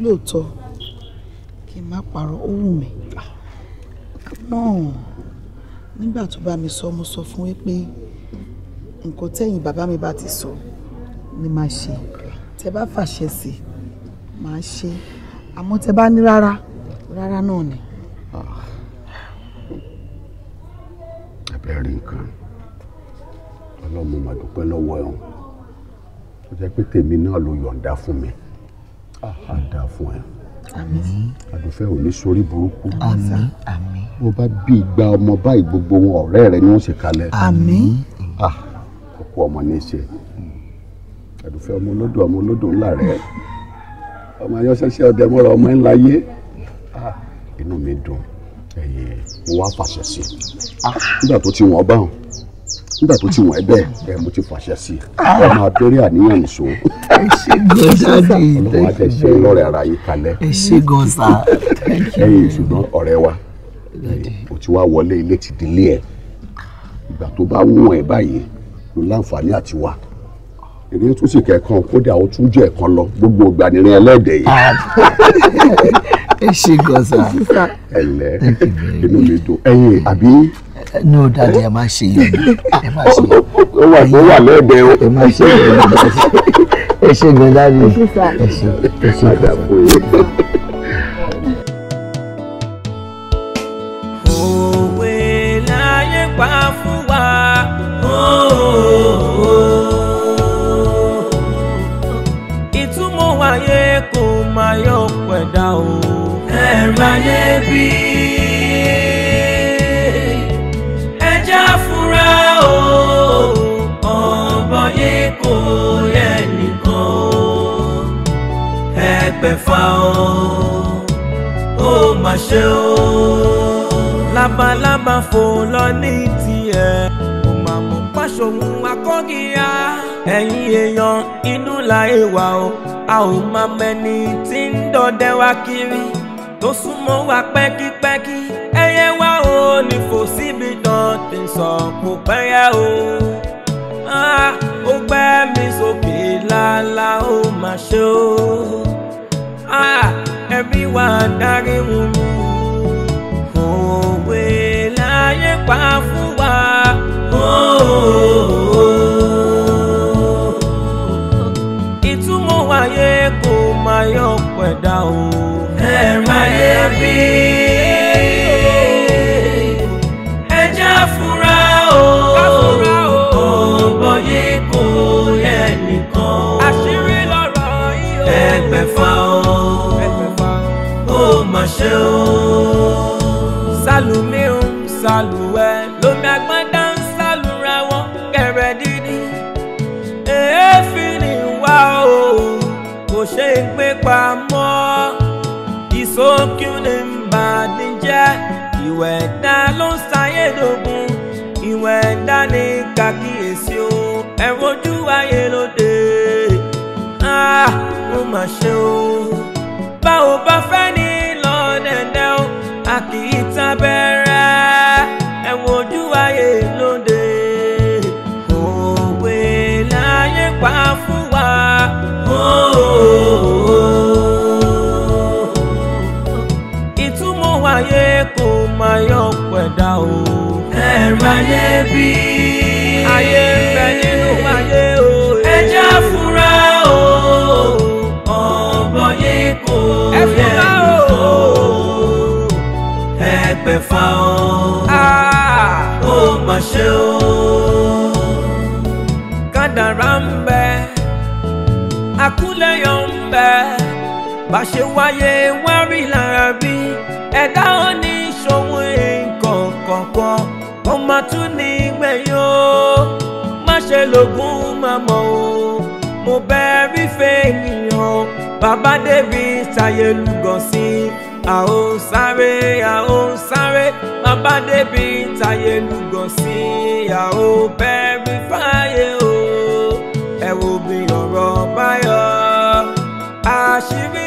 lóòótọ́ kí n má parọ́ ó wù mí àmọ́ nígbà tó bá mi sọ mo sọ fún wí pé nǹkan tẹ̀yìn bàbá mi bá ti sọ ni màá ṣe tẹ bá fàṣẹ sí i màá ṣe àmọ́ tẹ bá ní rárá rárá náà ni. Ah. ẹ̀bẹ̀rẹ̀ nǹkan ọlọ́mọ mà dúpẹ́ lọ́wọ́ ẹ̀ hàn ó jẹ́ pé tèmi náà ló yọ̀ǹda fún mi ah. á dà fún ẹ. àmín. àdùfẹ́ ò ní sórí burúkú. àmín àmín. mo bá bí igba ọmọ báyìí gbogbo wọn ọ̀rẹ́ rẹ ni wọ́n sì kalẹ̀. àmín. ọ̀pọ̀ ah, ọmọ ní í ṣe àdùfẹ́ ọmọ olódò ọmọ olódò ńlá rẹ̀ ọmọ ayọ́ṣẹ́ṣẹ́ ọ̀dẹ́mọ́ra ọmọ ńlá yé ah, inú mi dùn ẹ̀yìn mo wá fàṣẹ sí i ah, nígbà tó ti wọ́n báwọn nígbà tó ti wọ́n ẹ bẹ́ẹ̀ ẹ mo ti fàṣẹ sí i ah. ẹ máa bẹ̀rẹ̀ àníyàn nìṣó. ẹ ṣe gọ́dá di ìdẹ́kùn ọlọ́wọ́ àtẹ̀ṣe lọ́rẹ̀ ara yìí kalẹ̀. ẹ ṣe gọ́dá. ẹ̀yin ṣùgbọ́n ọ̀rẹ́ wa o ti wá wọlé ilé ti délé ẹ̀ ìgbà tó bá wọ̀n ẹ̀ báyìí ló láǹfààní àti wà ìrìn tún sì kẹ́kàn kódà ó tún jẹ́ ẹ̀kan lọ gbogbo ìgbànirin ẹlẹ́dẹ̀ yìí. Ah. ẹ ṣe gọ̀ọ́sà ẹ̀lẹ́ inú mi dùn ẹ̀yin àbí. ní o dáadé ẹ má ṣe yẹn ẹ má ṣe yẹn. ó wà lẹ́ẹ̀dẹ̀ o. ẹ má ṣe yẹn ẹ ṣe gọ̀ọ́sà ẹ ṣe ẹ ṣe gọ̀ọ́sà. ẹ̀rù ayé bí. ẹja o o ẹgbẹ̀fà o ó mà ṣe o. labalábá fò lọ ní tiẹ̀ kò má mú pàṣọhun akọ́gíyá. ẹ̀yin èèyàn inú la èèwà o a ò máa mẹ́ni tí ń dọdẹ wá kiri tó súnmọ́ wa pẹ́kípẹ́kí ẹyẹ wa ò ní fò síbi tán tí ń sọ kò pẹ́yẹ o ah, ó gbẹ́ mi sókè lálá ó mà ṣe o ah, ẹbí wa darí wù mí òwe láyé pa fún wa. ìtumọ̀ wáyé kò máa yọ̀ pẹ̀dá o. ẹ̀rọ. be. ẹ̀dá ní kàkíyèsí o ẹ wojú ayé lóde ah, mo mà ṣe o báwo bá ayé bí. ayé ń bẹ nínú ayé o. ẹ jẹ́ fúnra o ọ̀bọ̀ yé kò yẹ kó ẹgbẹ̀fà o ah. ó mà ṣe o. kádàrá ń bẹ akúlẹ̀yọ̀ ń bẹ bá ṣe wáyé wá rí lára bí ẹ̀dá ò ní ṣòwò nǹkan kọ̀ọ̀kan máa tún ní gbẹ̀yìn o má ṣe lògùn màmọ́ o mo bẹ́ẹ̀ rí fẹ́ ènìyàn bàbá débi ṣàyè lùgàn sí a ó sáré a ó sáré bàbá débi ṣàyè lùgàn sí a ó rí fàyè o ẹ wo bí ọ̀rọ̀ báyọ̀ àṣírí.